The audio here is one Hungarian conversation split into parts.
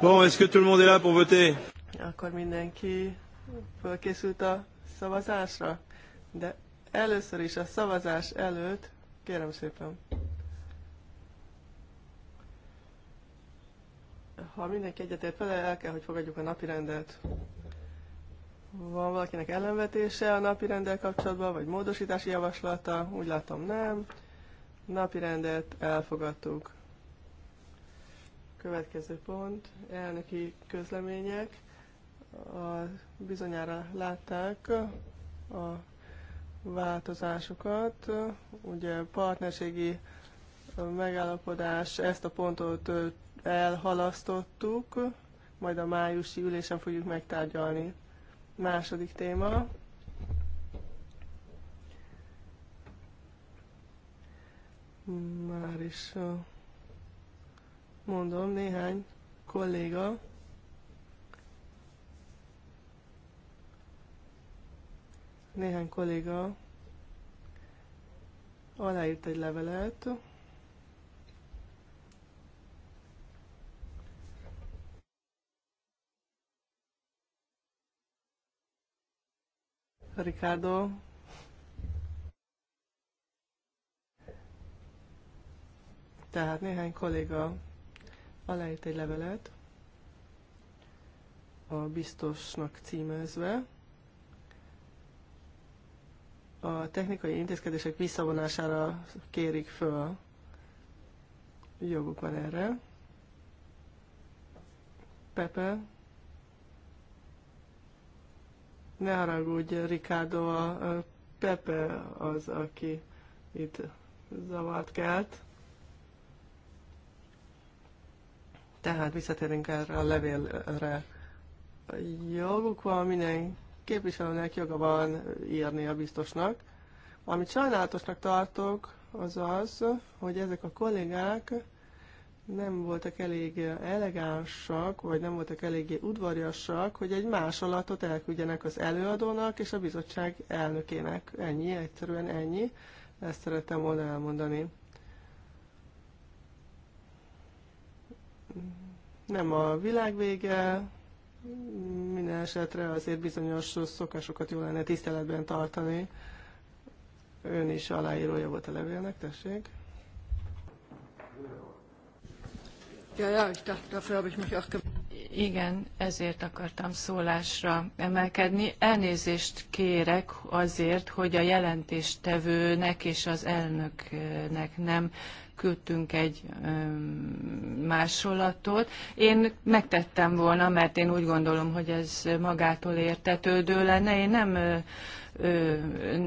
Bon, est-ce que tout le monde est là pour voter? Akkor mindenki fölkészült a szavazásra? De először is a szavazás előtt, kérem szépen. Ha mindenki egyetért vele, el kell, hogy fogadjuk a napi rendet. Van valakinek ellenvetése a napi rendel kapcsolatban, vagy módosítási javaslata? Úgy látom nem. Napi rendet elfogadtuk. Következő pont, elnöki közlemények. A, bizonyára látták a változásokat. Ugye partnerségi megállapodás, ezt a pontot elhalasztottuk, majd a májusi ülésen fogjuk megtárgyalni. Második téma. Már is mondom, néhány kolléga néhány kolléga aláírt egy levelet, Ricardo. Tehát néhány kolléga aláírt egy levelet a biztosnak címezve, a technikai intézkedések visszavonására kérik föl. Joguk van erre. Pepe. Ne haragudj, Ricardo, a Pepe az, aki itt zavart kelt. Tehát visszatérünk erre a levélre. Joguk van minden képviselőnek joga van írni a biztosnak. Amit sajnálatosnak tartok, az az, hogy ezek a kollégák nem voltak elég elegánsak, vagy nem voltak eléggé udvariasak, hogy egy másolatot elküldjenek az előadónak és a bizottság elnökének. Ennyi, egyszerűen ennyi. Ezt szerettem volna elmondani. nem a világ vége, minden esetre azért bizonyos szokásokat jól lenne tiszteletben tartani. Ön is aláírója volt a levélnek, tessék. Ja, ja, ich dachte, dafür habe ich mich auch igen, ezért akartam szólásra emelkedni. Elnézést kérek azért, hogy a jelentéstevőnek és az elnöknek nem küldtünk egy másolatot. Én megtettem volna, mert én úgy gondolom, hogy ez magától értetődő lenne. Én nem ö,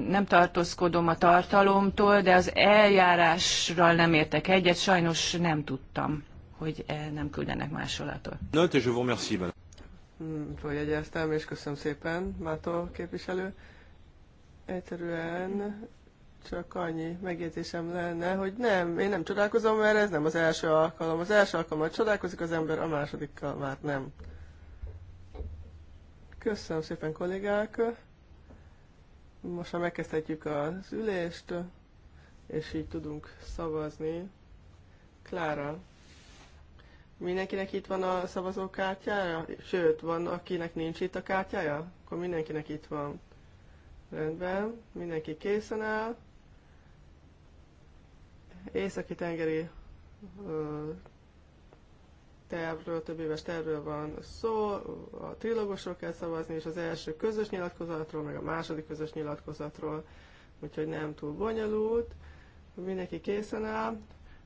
nem tartózkodom a tartalomtól, de az eljárásral nem értek egyet, sajnos nem tudtam hogy eh, nem küldenek másolatot. Note, je vous remercie, hmm, Följegyeztem, és köszönöm szépen, Mátó képviselő. Egyszerűen csak annyi megjegyzésem lenne, hogy nem, én nem csodálkozom, mert ez nem az első alkalom. Az első alkalommal csodálkozik az ember, a másodikkal már nem. Köszönöm szépen, kollégák! Most már megkezdhetjük az ülést, és így tudunk szavazni. Klára, Mindenkinek itt van a szavazókártyája? Sőt, van, akinek nincs itt a kártyája? Akkor mindenkinek itt van. Rendben, mindenki készen áll. Északi tengeri tervről, több éves tervről van szó, a trilogosról kell szavazni, és az első közös nyilatkozatról, meg a második közös nyilatkozatról, úgyhogy nem túl bonyolult, mindenki készen áll.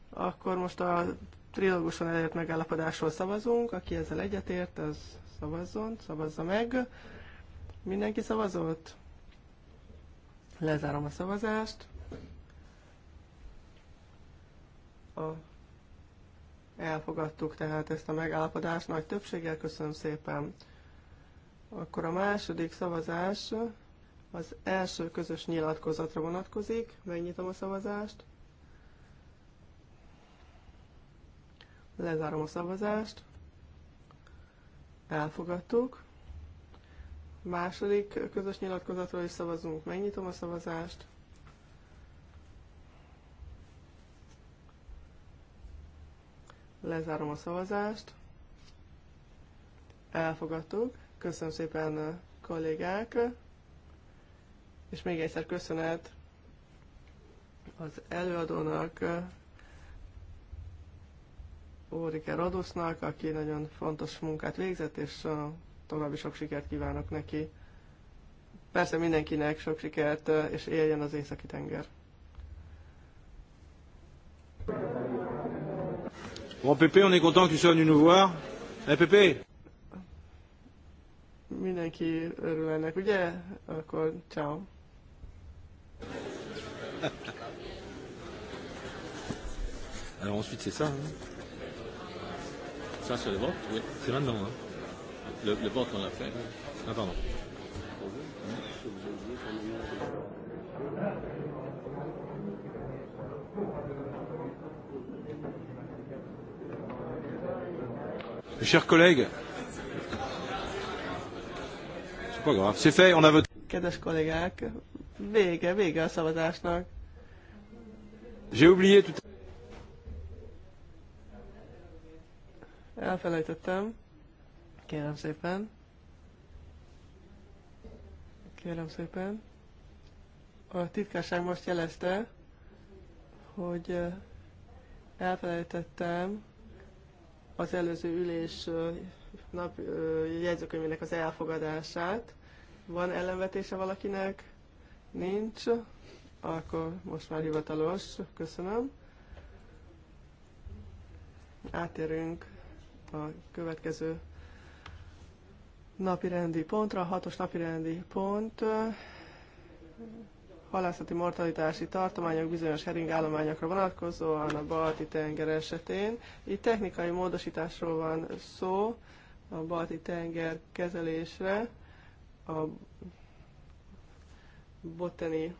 Akkor most a trilógusan előtt megállapodásról szavazunk. Aki ezzel egyetért, az szavazzon, szavazza meg. Mindenki szavazott? Lezárom a szavazást. A elfogadtuk tehát ezt a megállapodást nagy többséggel, köszönöm szépen. Akkor a második szavazás az első közös nyilatkozatra vonatkozik. Megnyitom a szavazást. Lezárom a szavazást. Elfogadtuk. Második közös nyilatkozatról is szavazunk. Megnyitom a szavazást. Lezárom a szavazást. Elfogadtuk. Köszönöm szépen kollégák. És még egyszer köszönet az előadónak, Ulrike Radusznak, aki nagyon fontos munkát végzett, és további sok sikert kívánok neki. Persze mindenkinek sok sikert, és éljen az északi tenger. Bon, Pépé, on est content que tu sois venu nous voir. Hey, eh, Pépé Mindenki örül ennek, ugye? Akkor ciao. Alors ensuite, c'est ça. Hein Ça, c'est le vote Oui. C'est maintenant. Hein. Le, le vote, on l'a fait. Ah, pardon. Mes chers collègues, c'est pas grave, c'est fait, on a voté. Kedves kollégák, vége, vége a szavazásnak. J'ai oublié tout à elfelejtettem. Kérem szépen. Kérem szépen. A titkárság most jelezte, hogy elfelejtettem az előző ülés nap jegyzőkönyvének az elfogadását. Van ellenvetése valakinek? Nincs. Akkor most már hivatalos. Köszönöm. Átérünk a következő napirendi pontra, a hatos napirendi pont, halászati mortalitási tartományok bizonyos heringállományokra vonatkozóan a balti tenger esetén. Itt technikai módosításról van szó a balti tenger kezelésre, a botani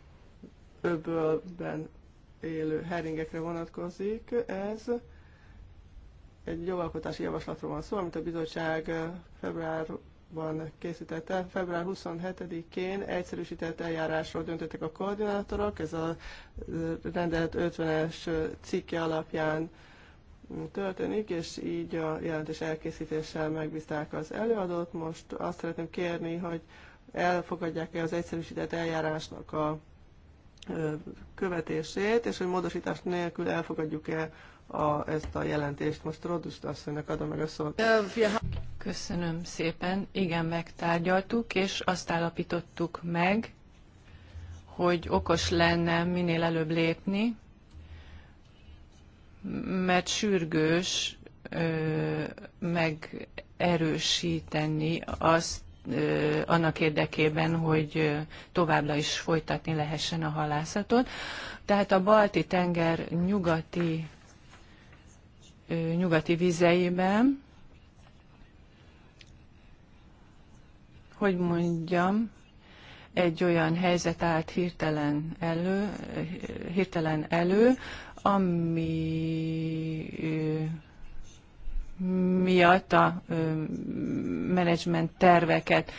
öbölben élő heringekre vonatkozik ez egy jogalkotási javaslatról van szó, amit a bizottság eh, februárban készítette, Február 27-én egyszerűsített eljárásról döntöttek a koordinátorok. Ez a eh, rendelet 50-es eh, cikke alapján történik, és így a jelentés elkészítéssel megbízták az előadót. Most azt szeretném kérni, hogy elfogadják-e az egyszerűsített eljárásnak a követését, és hogy módosítás nélkül elfogadjuk-e a, ezt a jelentést. Most Rodust asszonynak adom meg a szót. Köszönöm szépen. Igen, megtárgyaltuk, és azt állapítottuk meg, hogy okos lenne minél előbb lépni, mert sürgős ö, megerősíteni azt, annak érdekében, hogy továbbra is folytatni lehessen a halászatot. Tehát a Balti tenger nyugati nyugati vizeiben, hogy mondjam, egy olyan helyzet állt hirtelen elő, hirtelen elő ami miatt a menedzsment terveket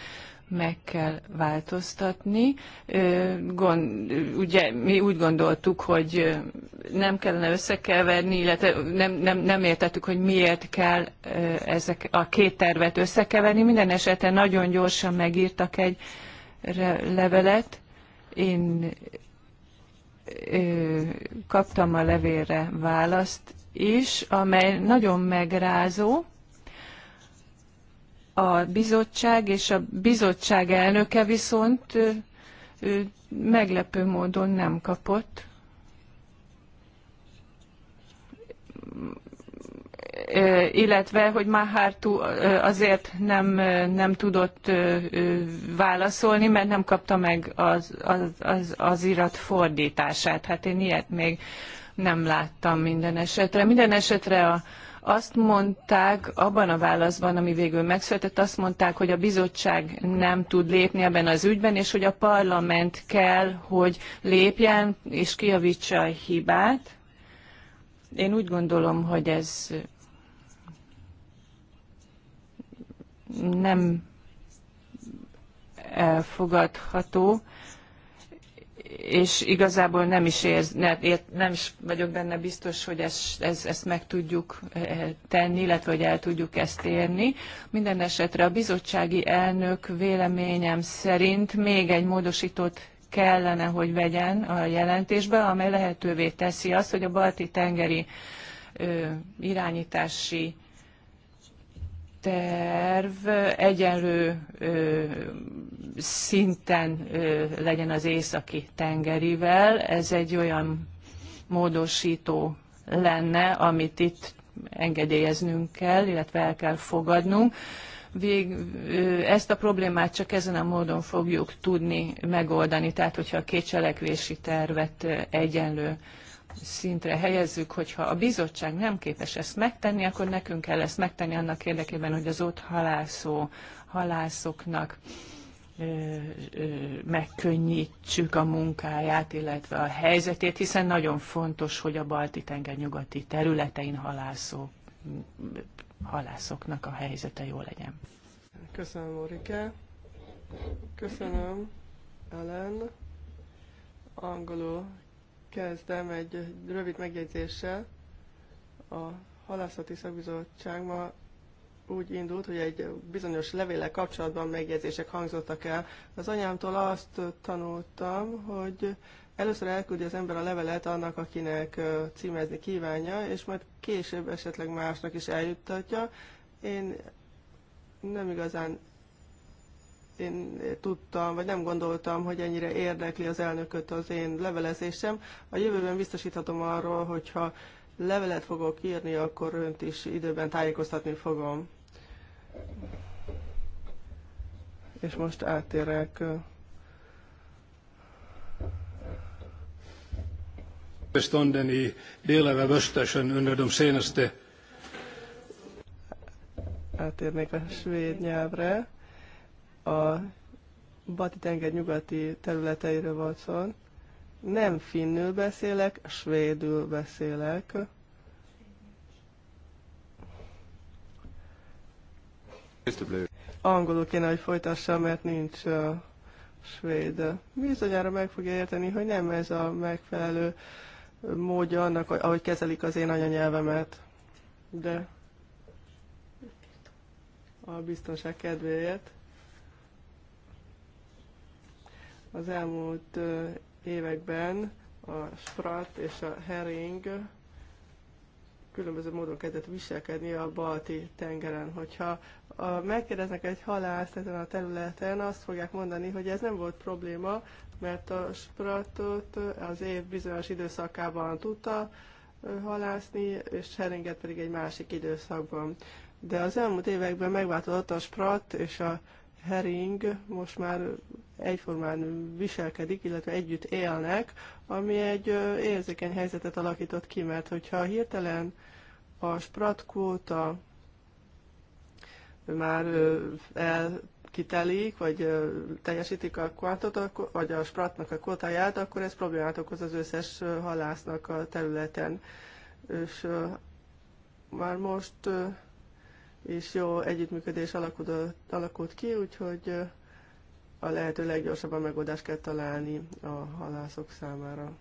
meg kell változtatni. Gond, ugye mi úgy gondoltuk, hogy nem kellene összekeverni, illetve nem, nem, nem értettük, hogy miért kell ezek a két tervet összekeverni. Minden esetben nagyon gyorsan megírtak egy levelet. Én kaptam a levélre választ is, amely nagyon megrázó, a bizottság és a bizottság elnöke viszont ő meglepő módon nem kapott. illetve, hogy Mahártu azért nem, nem tudott válaszolni, mert nem kapta meg az, az, az, az irat fordítását. Hát én ilyet még nem láttam minden esetre. Minden esetre a, azt mondták, abban a válaszban, ami végül megszületett, azt mondták, hogy a bizottság nem tud lépni ebben az ügyben, és hogy a parlament kell, hogy lépjen és kiavítsa a hibát. Én úgy gondolom, hogy ez nem elfogadható és igazából nem is, érz, nem, nem is vagyok benne biztos, hogy ez, ez, ezt meg tudjuk eh, tenni, illetve hogy el tudjuk ezt érni. Minden esetre a bizottsági elnök véleményem szerint még egy módosított kellene, hogy vegyen a jelentésbe, amely lehetővé teszi azt, hogy a balti tengeri irányítási terv egyenlő szinten legyen az északi tengerivel. Ez egy olyan módosító lenne, amit itt engedélyeznünk kell, illetve el kell fogadnunk. Vég, ezt a problémát csak ezen a módon fogjuk tudni megoldani, tehát hogyha a két cselekvési tervet egyenlő szintre helyezzük, hogyha a bizottság nem képes ezt megtenni, akkor nekünk kell ezt megtenni annak érdekében, hogy az ott halászó, halászoknak megkönnyítsük a munkáját, illetve a helyzetét, hiszen nagyon fontos, hogy a Balti-tenger nyugati területein halászó, halászoknak a helyzete jó legyen. Köszönöm, Ulrike. Köszönöm, Ellen. Angolul Kezdem egy rövid megjegyzéssel. A halászati szakbizottság ma úgy indult, hogy egy bizonyos levéle kapcsolatban megjegyzések hangzottak el. Az anyámtól azt tanultam, hogy először elküldi az ember a levelet annak, akinek címezni kívánja, és majd később esetleg másnak is eljuttatja. Én nem igazán én tudtam, vagy nem gondoltam, hogy ennyire érdekli az elnököt az én levelezésem. A jövőben biztosíthatom arról, hogyha levelet fogok írni, akkor önt is időben tájékoztatni fogom. És most áttérek. bestånden i delar av Östersjön Átérnék a svéd nyelvre a Bati tenger nyugati területeiről van szó. Nem finnül beszélek, svédül beszélek. Angolul kéne, hogy folytassa, mert nincs uh, svéd. Bizonyára meg fogja érteni, hogy nem ez a megfelelő módja annak, ahogy kezelik az én anyanyelvemet. De a biztonság kedvéért Az elmúlt években a Sprat és a herring különböző módon kezdett viselkedni a balti tengeren. Hogyha a, megkérdeznek egy halászt ezen a területen, azt fogják mondani, hogy ez nem volt probléma, mert a spratot az év bizonyos időszakában tudta halászni, és heringet pedig egy másik időszakban. De az elmúlt években megváltozott a sprat és a hering most már egyformán viselkedik, illetve együtt élnek, ami egy érzékeny helyzetet alakított ki, mert hogyha hirtelen a spratkóta már elkitelik, vagy teljesítik a kvantot, vagy a spratnak a kótáját, akkor ez problémát okoz az összes halásznak a területen. És már most és jó együttműködés alakult, alakult ki, úgyhogy a lehető leggyorsabban megoldást kell találni a halászok számára.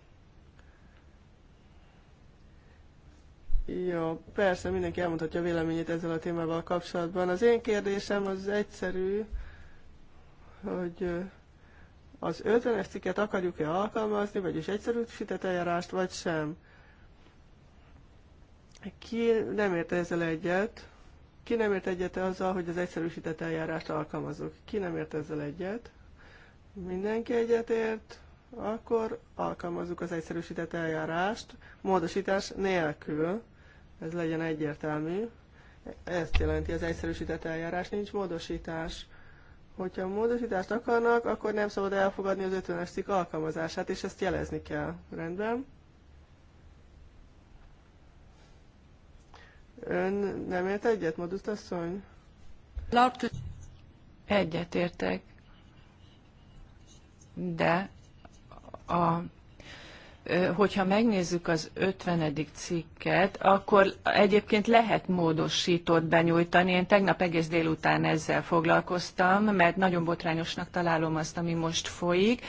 Jó, persze, mindenki elmondhatja a véleményét ezzel a témával kapcsolatban. Az én kérdésem az egyszerű, hogy az 50-es cikket akarjuk-e alkalmazni, vagyis egyszerűsített eljárást, vagy sem. Ki nem érte ezzel egyet, ki nem ért egyet azzal, hogy az egyszerűsített eljárást alkalmazok? Ki nem ért ezzel egyet? Mindenki egyetért, akkor alkalmazzuk az egyszerűsített eljárást, módosítás nélkül, ez legyen egyértelmű. Ezt jelenti az egyszerűsített eljárás, nincs módosítás. Hogyha a módosítást akarnak, akkor nem szabad elfogadni az 50-es cikk alkalmazását, és ezt jelezni kell. Rendben? Ön nem ért egyet, Moduszt asszony? Egyet értek, de a hogyha megnézzük az 50. cikket, akkor egyébként lehet módosítót benyújtani. Én tegnap egész délután ezzel foglalkoztam, mert nagyon botrányosnak találom azt, ami most folyik.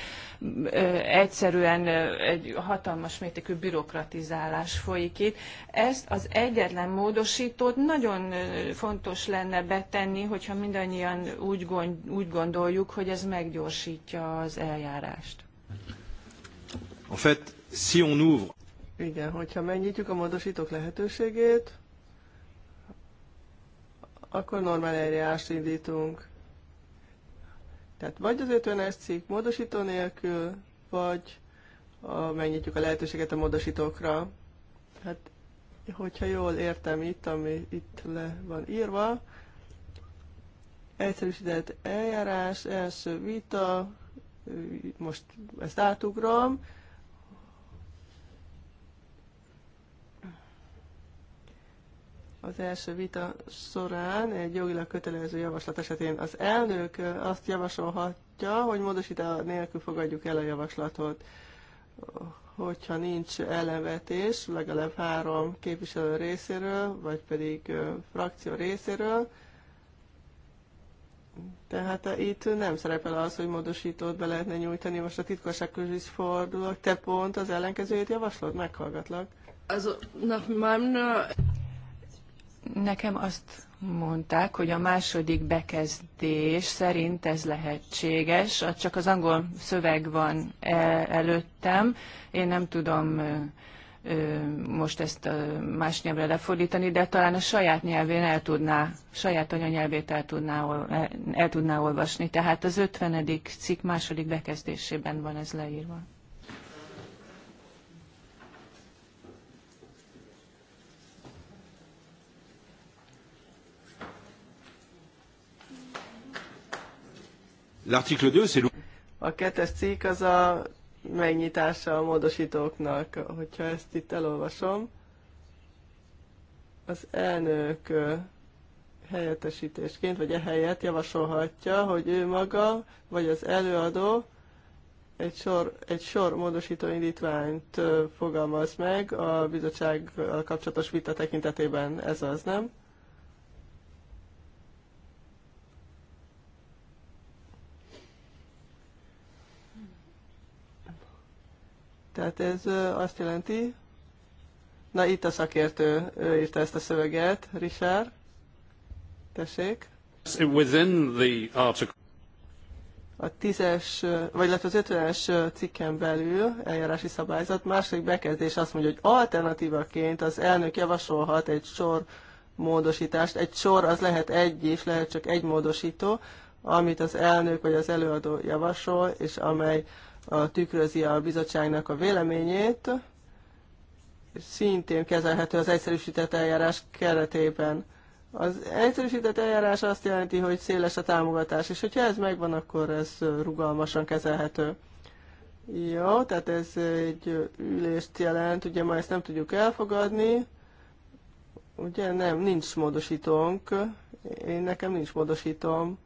Egyszerűen egy hatalmas mértékű bürokratizálás folyik itt. Ezt az egyetlen módosítót nagyon fontos lenne betenni, hogyha mindannyian úgy gondoljuk, hogy ez meggyorsítja az eljárást. En fait, si on ouvre. Igen, hogyha megnyitjuk a módosítók lehetőségét, akkor normál eljárást indítunk. Tehát vagy az 50-es cikk módosító nélkül, vagy a, megnyitjuk a lehetőséget a módosítókra. Hát, hogyha jól értem itt, ami itt le van írva, egyszerűsített eljárás, első vita, most ezt átugrom, az első vita során egy jogilag kötelező javaslat esetén az elnök azt javasolhatja, hogy módosítá nélkül fogadjuk el a javaslatot, hogyha nincs ellenvetés legalább három képviselő részéről, vagy pedig frakció részéről. Tehát itt nem szerepel az, hogy módosítót be lehetne nyújtani. Most a közül is fordulok. Te pont az ellenkezőjét javaslod? Meghallgatlak. Also, nach meinem nekem azt mondták, hogy a második bekezdés szerint ez lehetséges, csak az angol szöveg van e- előttem, én nem tudom most ezt más nyelvre lefordítani, de talán a saját nyelvén el tudná, saját anyanyelvét el tudná, e- el tudná olvasni. Tehát az 50. cikk második bekezdésében van ez leírva. L'article 2, c'est A kettes cikk az a megnyitása a módosítóknak, hogyha ezt itt elolvasom. Az elnök helyettesítésként, vagy ehelyett javasolhatja, hogy ő maga, vagy az előadó egy sor, egy sor módosító indítványt fogalmaz meg a bizottság kapcsolatos vita tekintetében. Ez az, nem? Tehát ez azt jelenti, na itt a szakértő, ő írta ezt a szöveget, Richard, tessék. Within the article. A tízes, vagy lehet az ötvenes cikken belül eljárási szabályzat második bekezdés azt mondja, hogy alternatívaként az elnök javasolhat egy sor módosítást. Egy sor az lehet egy is, lehet csak egy módosító, amit az elnök vagy az előadó javasol, és amely uh, a tükrözi a bizottságnak a véleményét, és szintén kezelhető az egyszerűsített eljárás keretében. Az egyszerűsített eljárás azt jelenti, hogy széles a támogatás, és hogyha ez megvan, akkor ez rugalmasan kezelhető. Jó, tehát ez egy ülést jelent, ugye ma ezt nem tudjuk elfogadni, ugye nem, nincs módosítónk, én nekem nincs módosítom.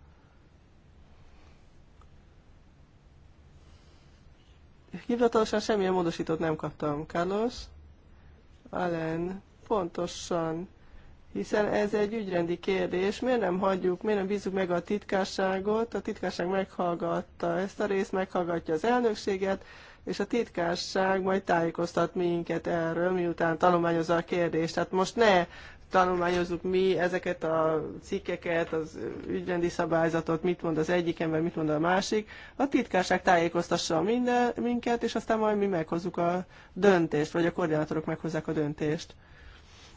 Hivatalosan semmilyen módosítót nem kaptam, Carlos. Allen, pontosan. Hiszen ez egy ügyrendi kérdés. Miért nem hagyjuk, miért nem bízunk meg a titkárságot? A titkárság meghallgatta ezt a részt, meghallgatja az elnökséget, és a titkárság majd tájékoztat minket erről, miután tanulmányozza a kérdést. Tehát most ne tanulmányozzuk mi ezeket a cikkeket, az ügyrendi szabályzatot, mit mond az egyik ember, mit mond a másik. A titkárság tájékoztassa minden, minket, és aztán majd mi meghozzuk a döntést, vagy a koordinátorok meghozzák a döntést.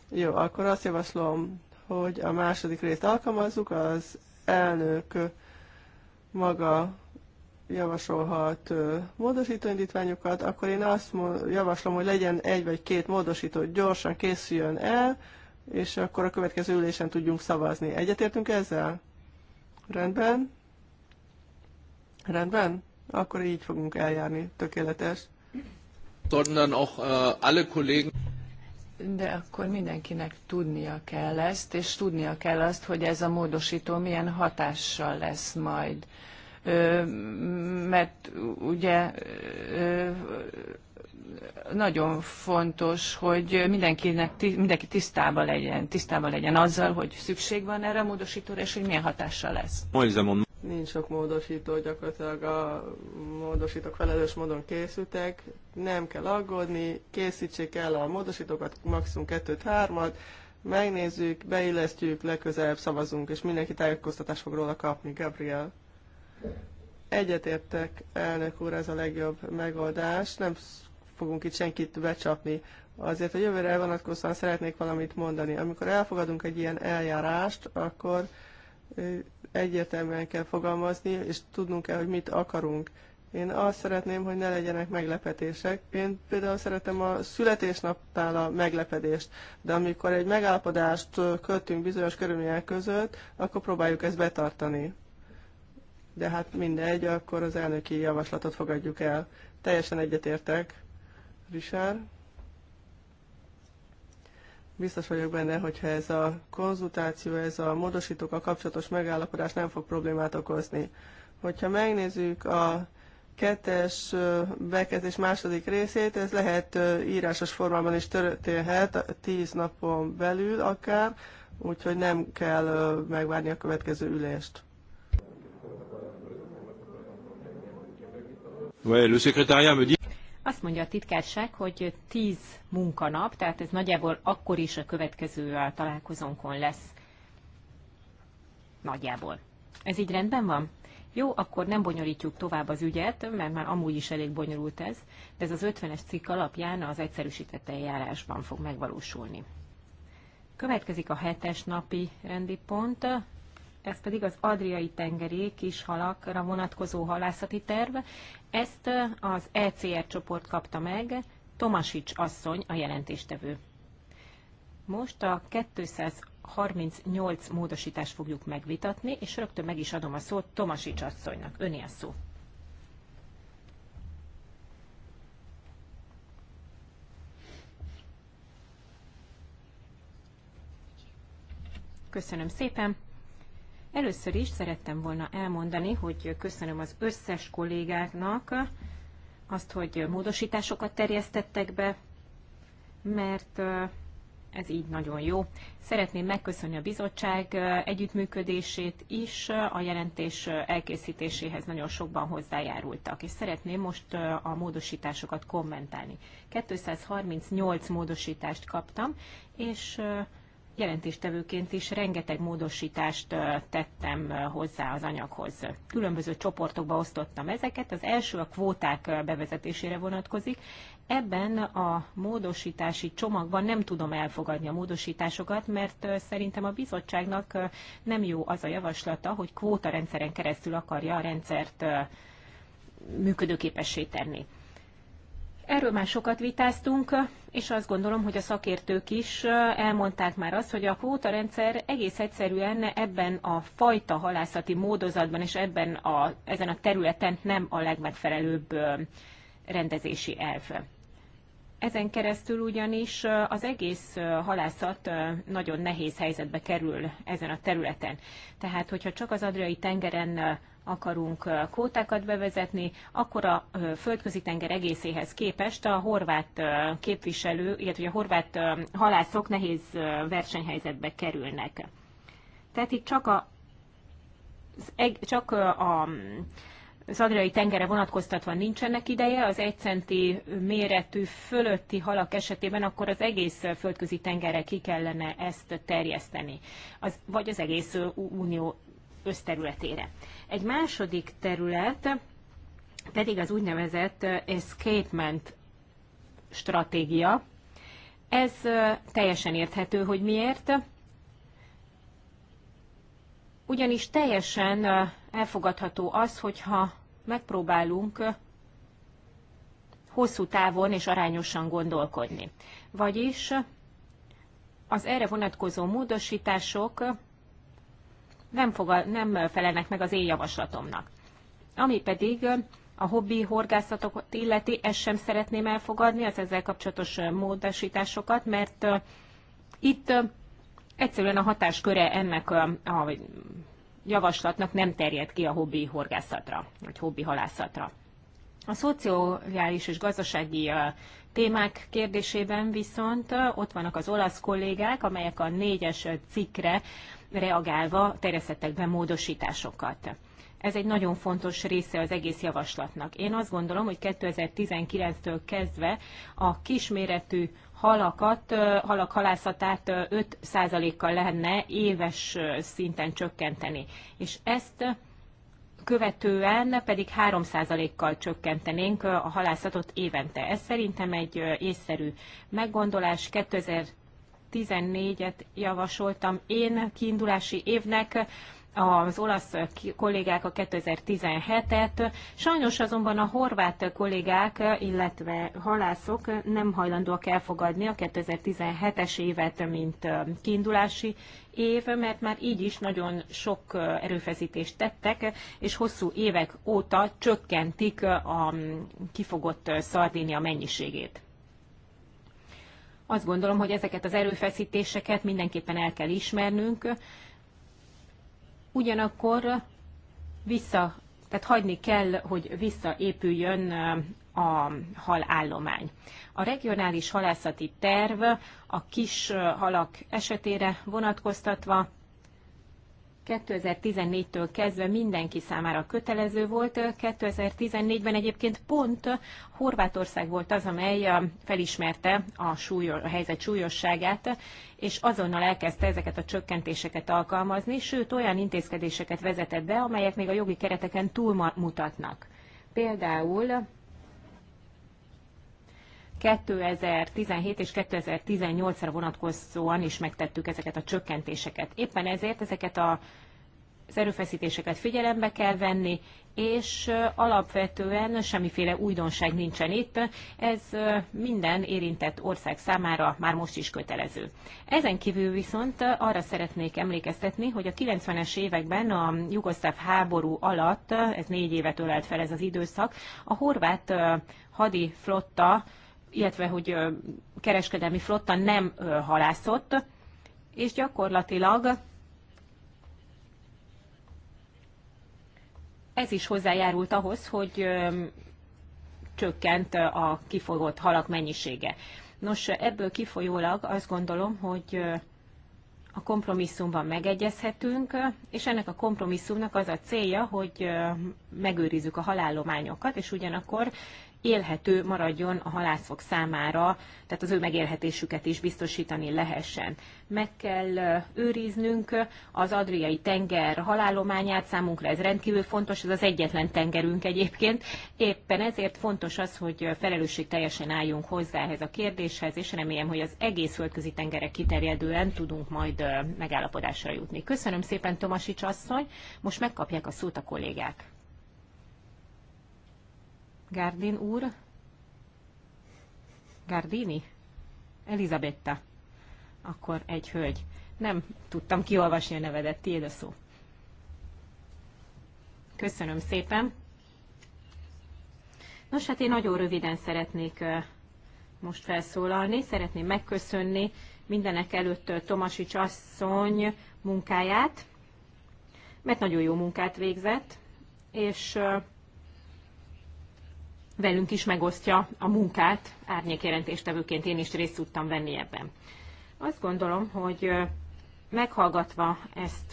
Jó, akkor azt javaslom, hogy a második részt alkalmazzuk, az elnök maga javasolhat módosítóindítványokat, akkor én azt javaslom, hogy legyen egy vagy két módosító, gyorsan készüljön el, és akkor a következő ülésen tudjunk szavazni. Egyetértünk ezzel? Rendben? Rendben? Akkor így fogunk eljárni. Tökéletes. Äh, De akkor mindenkinek tudnia kell ezt, és tudnia kell azt, hogy ez a módosító milyen hatással lesz majd. Ö, mert ugye ö, nagyon fontos, hogy mindenkinek, mindenki tisztában legyen, tisztában legyen azzal, hogy szükség van erre a módosítóra, és hogy milyen hatással lesz. Nincs sok módosító, gyakorlatilag a módosítók felelős módon készültek, nem kell aggódni, készítsék el a módosítókat, maximum kettőt hármat, megnézzük, beillesztjük, legközelebb szavazunk, és mindenki tájékoztatást fog róla kapni, Gabriel. Egyetértek, elnök úr, ez a legjobb megoldás. Nem fogunk itt senkit becsapni. Azért a jövőre vonatkozóan szeretnék valamit mondani. Amikor elfogadunk egy ilyen eljárást, akkor egyértelműen kell fogalmazni, és tudnunk kell, hogy mit akarunk. Én azt szeretném, hogy ne legyenek meglepetések. Én például szeretem a születésnaptál a meglepedést, de amikor egy megállapodást kötünk bizonyos körülmények között, akkor próbáljuk ezt betartani. De hát mindegy, akkor az elnöki javaslatot fogadjuk el. Teljesen egyetértek Richard. Biztos vagyok benne, hogyha ez a konzultáció, ez a módosítókkal kapcsolatos megállapodás nem fog problémát okozni. Hogyha megnézzük a kettes bekezdés második részét, ez lehet írásos formában is történhet, tíz napon belül akár, úgyhogy nem kell megvárni a következő ülést. Ouais, le secrétariat me dit... Azt mondja a titkárság, hogy 10 munkanap, tehát ez nagyjából akkor is a következő találkozónkon lesz. Nagyjából. Ez így rendben van? Jó, akkor nem bonyolítjuk tovább az ügyet, mert már amúgy is elég bonyolult ez, de ez az 50-es cikk alapján az egyszerűsített eljárásban fog megvalósulni. Következik a hetes napi rendi pont, ez pedig az adriai tengeri kis halakra vonatkozó halászati terv. Ezt az ECR csoport kapta meg, Tomasics asszony a jelentéstevő. Most a 238 módosítást fogjuk megvitatni, és rögtön meg is adom a szót Tomasics asszonynak. Öné a szó. Köszönöm szépen. Először is szerettem volna elmondani, hogy köszönöm az összes kollégáknak azt, hogy módosításokat terjesztettek be, mert ez így nagyon jó. Szeretném megköszönni a bizottság együttműködését is, a jelentés elkészítéséhez nagyon sokban hozzájárultak, és szeretném most a módosításokat kommentálni. 238 módosítást kaptam, és jelentéstevőként is rengeteg módosítást tettem hozzá az anyaghoz. Különböző csoportokba osztottam ezeket. Az első a kvóták bevezetésére vonatkozik. Ebben a módosítási csomagban nem tudom elfogadni a módosításokat, mert szerintem a bizottságnak nem jó az a javaslata, hogy kvóta rendszeren keresztül akarja a rendszert működőképessé tenni. Erről már sokat vitáztunk, és azt gondolom, hogy a szakértők is elmondták már azt, hogy a kvótarendszer egész egyszerűen ebben a fajta halászati módozatban és ebben a, ezen a területen nem a legmegfelelőbb rendezési elv. Ezen keresztül ugyanis az egész halászat nagyon nehéz helyzetbe kerül ezen a területen. Tehát, hogyha csak az adriai tengeren akarunk kótákat bevezetni, akkor a földközi tenger egészéhez képest a horvát képviselő, illetve a horvát halászok nehéz versenyhelyzetbe kerülnek. Tehát itt csak a csak a az adriai tengere vonatkoztatva nincsenek ideje, az egy centi méretű fölötti halak esetében akkor az egész földközi tengerre ki kellene ezt terjeszteni, az, vagy az egész unió összterületére. Egy második terület pedig az úgynevezett escapement stratégia. Ez teljesen érthető, hogy miért. Ugyanis teljesen elfogadható az, hogyha megpróbálunk hosszú távon és arányosan gondolkodni. Vagyis az erre vonatkozó módosítások nem, fogal, nem felelnek meg az én javaslatomnak. Ami pedig a hobbi horgászatokat illeti, ezt sem szeretném elfogadni, az ezzel kapcsolatos módosításokat, mert itt egyszerűen a hatásköre ennek a, a javaslatnak nem terjed ki a hobbi horgászatra, vagy hobbi halászatra. A szociális és gazdasági témák kérdésében viszont ott vannak az olasz kollégák, amelyek a négyes cikkre reagálva terjesztettek be módosításokat. Ez egy nagyon fontos része az egész javaslatnak. Én azt gondolom, hogy 2019-től kezdve a kisméretű halakat, halak halászatát 5%-kal lenne éves szinten csökkenteni. És ezt követően pedig 3%-kal csökkentenénk a halászatot évente. Ez szerintem egy észszerű meggondolás. 2000 14 et javasoltam én kiindulási évnek, az olasz kollégák a 2017-et, sajnos azonban a horvát kollégák, illetve halászok nem hajlandóak elfogadni a 2017-es évet, mint kiindulási év, mert már így is nagyon sok erőfeszítést tettek, és hosszú évek óta csökkentik a kifogott szardénia mennyiségét. Azt gondolom, hogy ezeket az erőfeszítéseket mindenképpen el kell ismernünk. Ugyanakkor vissza, tehát hagyni kell, hogy visszaépüljön a halállomány. A regionális halászati terv a kis halak esetére vonatkoztatva 2014-től kezdve mindenki számára kötelező volt. 2014-ben egyébként pont Horvátország volt az, amely felismerte a, súlyos, a helyzet súlyosságát, és azonnal elkezdte ezeket a csökkentéseket alkalmazni, sőt olyan intézkedéseket vezetett be, amelyek még a jogi kereteken túlmutatnak. Például 2017 és 2018-ra vonatkozóan is megtettük ezeket a csökkentéseket. Éppen ezért ezeket a az erőfeszítéseket figyelembe kell venni, és alapvetően semmiféle újdonság nincsen itt, ez minden érintett ország számára már most is kötelező. Ezen kívül viszont arra szeretnék emlékeztetni, hogy a 90-es években a jugoszláv háború alatt, ez négy évet ölelt fel ez az időszak, a horvát hadi flotta illetve hogy kereskedelmi flotta nem halászott, és gyakorlatilag ez is hozzájárult ahhoz, hogy csökkent a kifogott halak mennyisége. Nos, ebből kifolyólag azt gondolom, hogy a kompromisszumban megegyezhetünk, és ennek a kompromisszumnak az a célja, hogy megőrizzük a halállományokat, és ugyanakkor élhető maradjon a halászok számára, tehát az ő megélhetésüket is biztosítani lehessen. Meg kell őriznünk az Adriai tenger halálományát, számunkra ez rendkívül fontos, ez az egyetlen tengerünk egyébként. Éppen ezért fontos az, hogy felelősség teljesen álljunk hozzá ehhez a kérdéshez, és remélem, hogy az egész földközi tengerek kiterjedően tudunk majd megállapodásra jutni. Köszönöm szépen, Tomasics asszony, most megkapják a szót a kollégák. Gardin úr, Gardini, Elizabetta, akkor egy hölgy. Nem tudtam kiolvasni a nevedet, tiéd a szó. Köszönöm szépen. Nos, hát én nagyon röviden szeretnék most felszólalni. Szeretném megköszönni mindenek előtt Tomasics asszony munkáját, mert nagyon jó munkát végzett, és velünk is megosztja a munkát, árnyékjelentéstevőként én is részt tudtam venni ebben. Azt gondolom, hogy meghallgatva ezt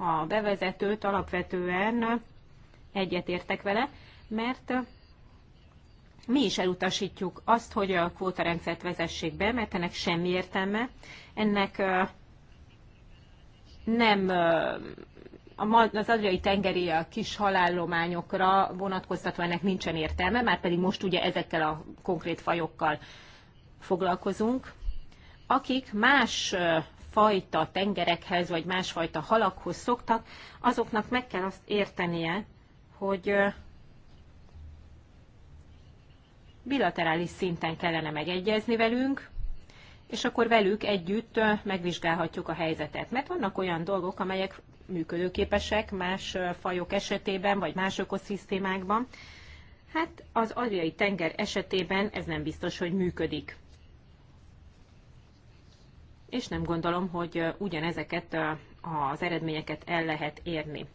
a bevezetőt, alapvetően egyetértek vele, mert mi is elutasítjuk azt, hogy a kvótarendszert vezessék be, mert ennek semmi értelme. Ennek nem az adriai tengeri kis halállományokra vonatkoztatva ennek nincsen értelme, már pedig most ugye ezekkel a konkrét fajokkal foglalkozunk, akik más fajta tengerekhez, vagy másfajta halakhoz szoktak, azoknak meg kell azt értenie, hogy bilaterális szinten kellene megegyezni velünk, és akkor velük együtt megvizsgálhatjuk a helyzetet. Mert vannak olyan dolgok, amelyek működőképesek más fajok esetében, vagy más ökoszisztémákban. Hát az adriai tenger esetében ez nem biztos, hogy működik. És nem gondolom, hogy ugyanezeket az eredményeket el lehet érni.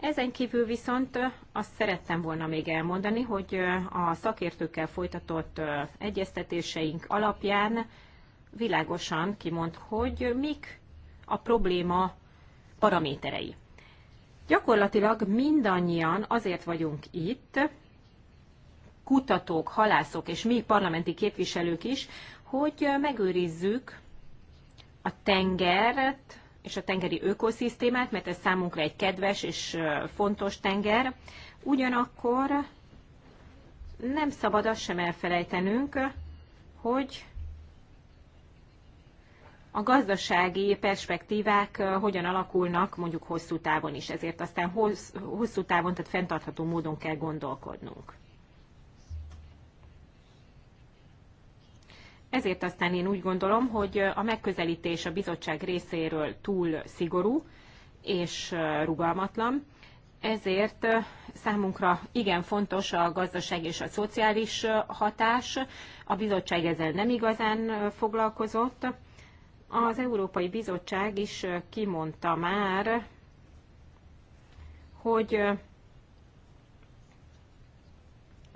Ezen kívül viszont azt szerettem volna még elmondani, hogy a szakértőkkel folytatott egyeztetéseink alapján világosan kimond, hogy mik a probléma paraméterei. Gyakorlatilag mindannyian azért vagyunk itt, kutatók, halászok és mi parlamenti képviselők is, hogy megőrizzük a tengeret és a tengeri ökoszisztémát, mert ez számunkra egy kedves és fontos tenger. Ugyanakkor nem szabad azt sem elfelejtenünk, hogy a gazdasági perspektívák hogyan alakulnak mondjuk hosszú távon is, ezért aztán hosszú távon, tehát fenntartható módon kell gondolkodnunk. Ezért aztán én úgy gondolom, hogy a megközelítés a bizottság részéről túl szigorú és rugalmatlan, ezért számunkra igen fontos a gazdaság és a szociális hatás. A bizottság ezzel nem igazán foglalkozott, az Európai Bizottság is kimondta már, hogy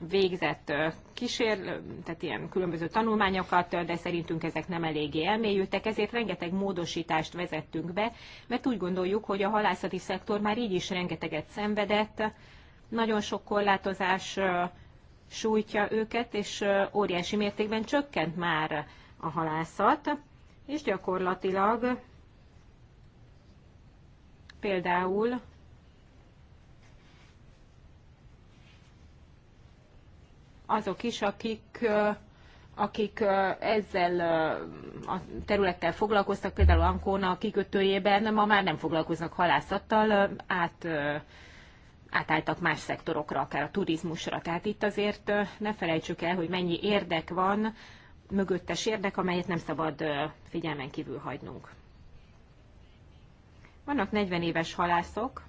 végzett kísér, tehát ilyen különböző tanulmányokat, de szerintünk ezek nem eléggé elmélyültek, ezért rengeteg módosítást vezettünk be, mert úgy gondoljuk, hogy a halászati szektor már így is rengeteget szenvedett, nagyon sok korlátozás sújtja őket, és óriási mértékben csökkent már a halászat és gyakorlatilag például azok is, akik, akik ezzel a területtel foglalkoztak, például Ankóna kikötőjében ma már nem foglalkoznak halászattal, át, átálltak más szektorokra, akár a turizmusra. Tehát itt azért ne felejtsük el, hogy mennyi érdek van mögöttes érdek, amelyet nem szabad figyelmen kívül hagynunk. Vannak 40 éves halászok,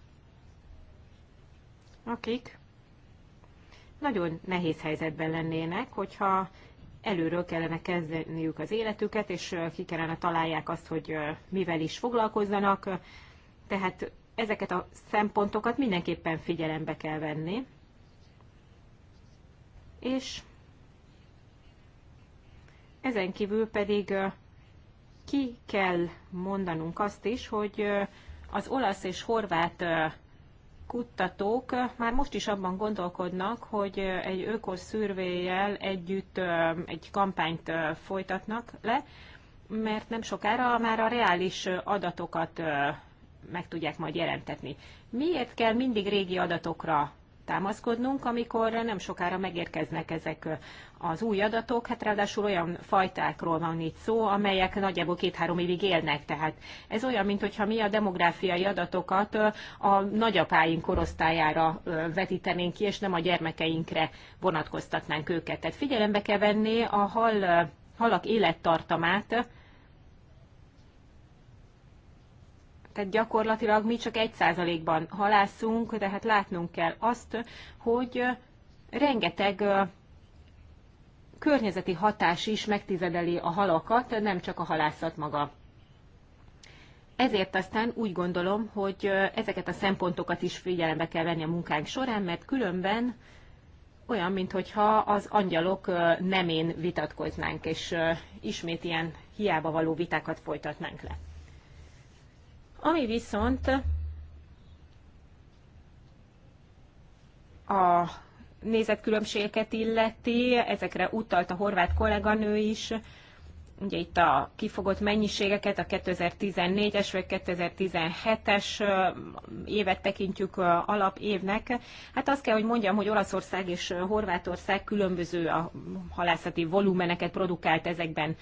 akik nagyon nehéz helyzetben lennének, hogyha előről kellene kezdeniük az életüket, és ki kellene találják azt, hogy mivel is foglalkozzanak. Tehát ezeket a szempontokat mindenképpen figyelembe kell venni. És ezen kívül pedig ki kell mondanunk azt is, hogy az olasz és horvát kutatók már most is abban gondolkodnak, hogy egy ökoszűrvéjel együtt egy kampányt folytatnak le, mert nem sokára már a reális adatokat meg tudják majd jelentetni. Miért kell mindig régi adatokra támaszkodnunk, amikor nem sokára megérkeznek ezek az új adatok, hát ráadásul olyan fajtákról van itt szó, amelyek nagyjából két-három évig élnek, tehát ez olyan, mintha mi a demográfiai adatokat a nagyapáink korosztályára vetítenénk ki, és nem a gyermekeinkre vonatkoztatnánk őket. Tehát figyelembe kell venni a hal, halak élettartamát, tehát gyakorlatilag mi csak egy százalékban halászunk, tehát látnunk kell azt, hogy rengeteg környezeti hatás is megtizedeli a halakat, nem csak a halászat maga. Ezért aztán úgy gondolom, hogy ezeket a szempontokat is figyelembe kell venni a munkánk során, mert különben olyan, mintha az angyalok nemén vitatkoznánk, és ismét ilyen hiába való vitákat folytatnánk le. Ami viszont a nézetkülönbségeket illeti, ezekre utalt a horvát kolléganő is, ugye itt a kifogott mennyiségeket, a 2014-es vagy 2017-es évet tekintjük alapévnek. Hát azt kell, hogy mondjam, hogy Olaszország és Horvátország különböző a halászati volumeneket produkált ezekben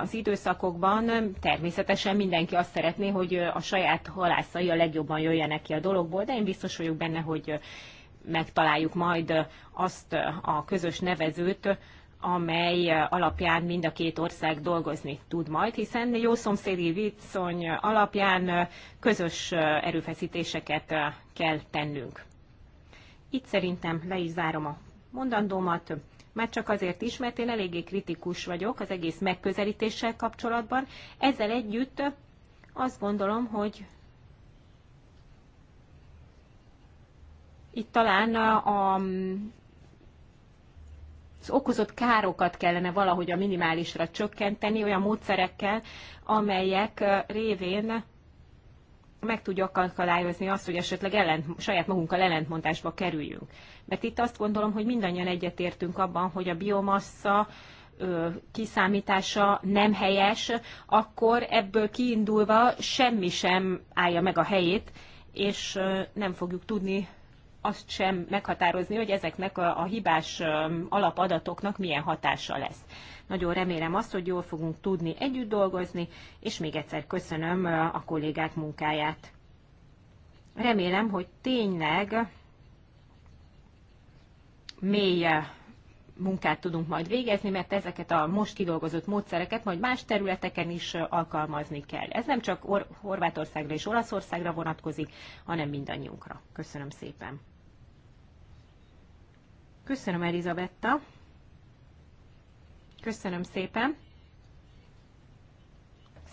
az időszakokban. Természetesen mindenki azt szeretné, hogy a saját halászai a legjobban jöjjenek ki a dologból, de én biztos vagyok benne, hogy megtaláljuk majd azt a közös nevezőt, amely alapján mind a két ország dolgozni tud majd, hiszen jó szomszédi viszony alapján közös erőfeszítéseket kell tennünk. Itt szerintem le is zárom a mondandómat, már csak azért is, mert én eléggé kritikus vagyok az egész megközelítéssel kapcsolatban. Ezzel együtt azt gondolom, hogy itt talán a az okozott károkat kellene valahogy a minimálisra csökkenteni olyan módszerekkel, amelyek révén meg tudja akadályozni azt, hogy esetleg ellent, saját magunkkal ellentmondásba kerüljünk. Mert itt azt gondolom, hogy mindannyian egyetértünk abban, hogy a biomassa kiszámítása nem helyes, akkor ebből kiindulva semmi sem állja meg a helyét, és nem fogjuk tudni azt sem meghatározni, hogy ezeknek a, hibás alapadatoknak milyen hatása lesz. Nagyon remélem azt, hogy jól fogunk tudni együtt dolgozni, és még egyszer köszönöm a kollégák munkáját. Remélem, hogy tényleg mély munkát tudunk majd végezni, mert ezeket a most kidolgozott módszereket majd más területeken is alkalmazni kell. Ez nem csak Or- Horvátországra és Olaszországra vonatkozik, hanem mindannyiunkra. Köszönöm szépen! Köszönöm, Elizabetta. Köszönöm szépen.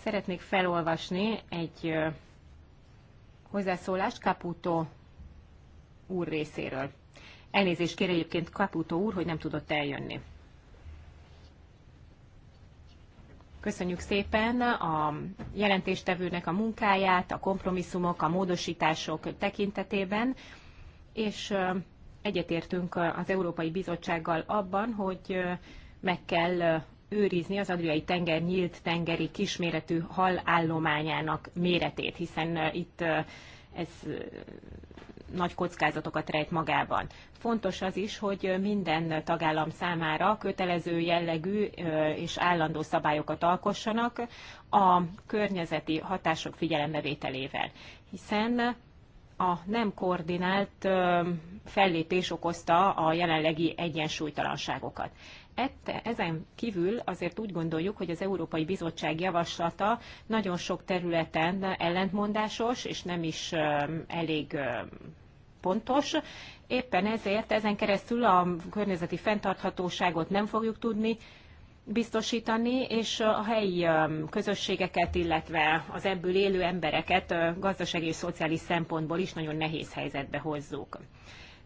Szeretnék felolvasni egy hozzászólást Caputo úr részéről. Elnézést kér egyébként Caputo úr, hogy nem tudott eljönni. Köszönjük szépen a jelentéstevőnek a munkáját, a kompromisszumok, a módosítások tekintetében, és egyetértünk az Európai Bizottsággal abban, hogy meg kell őrizni az adriai tenger nyílt tengeri kisméretű hal állományának méretét, hiszen itt ez nagy kockázatokat rejt magában. Fontos az is, hogy minden tagállam számára kötelező jellegű és állandó szabályokat alkossanak a környezeti hatások figyelembevételével, hiszen a nem koordinált fellépés okozta a jelenlegi egyensúlytalanságokat. ezen kívül azért úgy gondoljuk, hogy az Európai Bizottság javaslata nagyon sok területen ellentmondásos, és nem is elég pontos. Éppen ezért ezen keresztül a környezeti fenntarthatóságot nem fogjuk tudni biztosítani, és a helyi um, közösségeket, illetve az ebből élő embereket uh, gazdasági és szociális szempontból is nagyon nehéz helyzetbe hozzuk.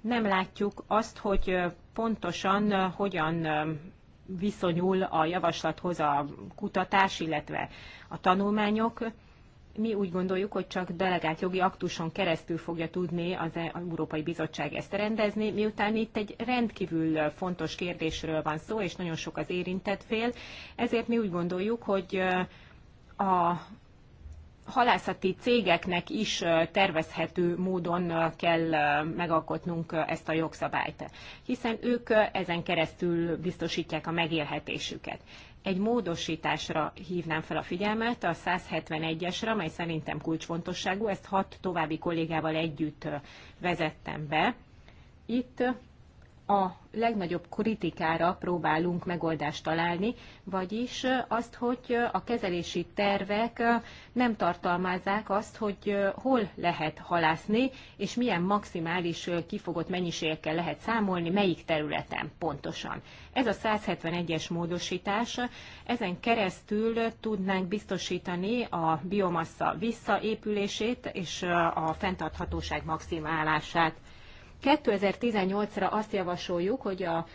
Nem látjuk azt, hogy uh, pontosan uh, hogyan um, viszonyul a javaslathoz a kutatás, illetve a tanulmányok mi úgy gondoljuk, hogy csak delegált jogi aktuson keresztül fogja tudni az e- Európai Bizottság ezt rendezni, miután itt egy rendkívül fontos kérdésről van szó, és nagyon sok az érintett fél, ezért mi úgy gondoljuk, hogy a halászati cégeknek is tervezhető módon kell megalkotnunk ezt a jogszabályt, hiszen ők ezen keresztül biztosítják a megélhetésüket egy módosításra hívnám fel a figyelmet, a 171-esre, amely szerintem kulcsfontosságú, ezt hat további kollégával együtt vezettem be. Itt a legnagyobb kritikára próbálunk megoldást találni, vagyis azt, hogy a kezelési tervek nem tartalmazzák azt, hogy hol lehet halászni, és milyen maximális kifogott mennyiségekkel lehet számolni, melyik területen pontosan. Ez a 171-es módosítás, ezen keresztül tudnánk biztosítani a biomassa visszaépülését és a fenntarthatóság maximálását. 2018-ra azt javasoljuk, hogy a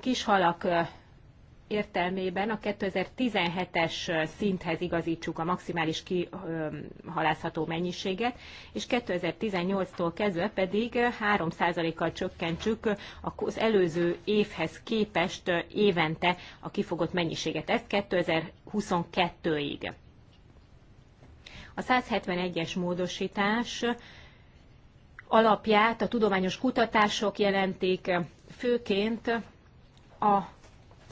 kishalak értelmében a 2017-es szinthez igazítsuk a maximális kihalászható mennyiséget, és 2018-tól kezdve pedig 3%-kal csökkentsük az előző évhez képest évente a kifogott mennyiséget. Ezt 2022-ig. A 171-es módosítás alapját a tudományos kutatások jelentik, főként a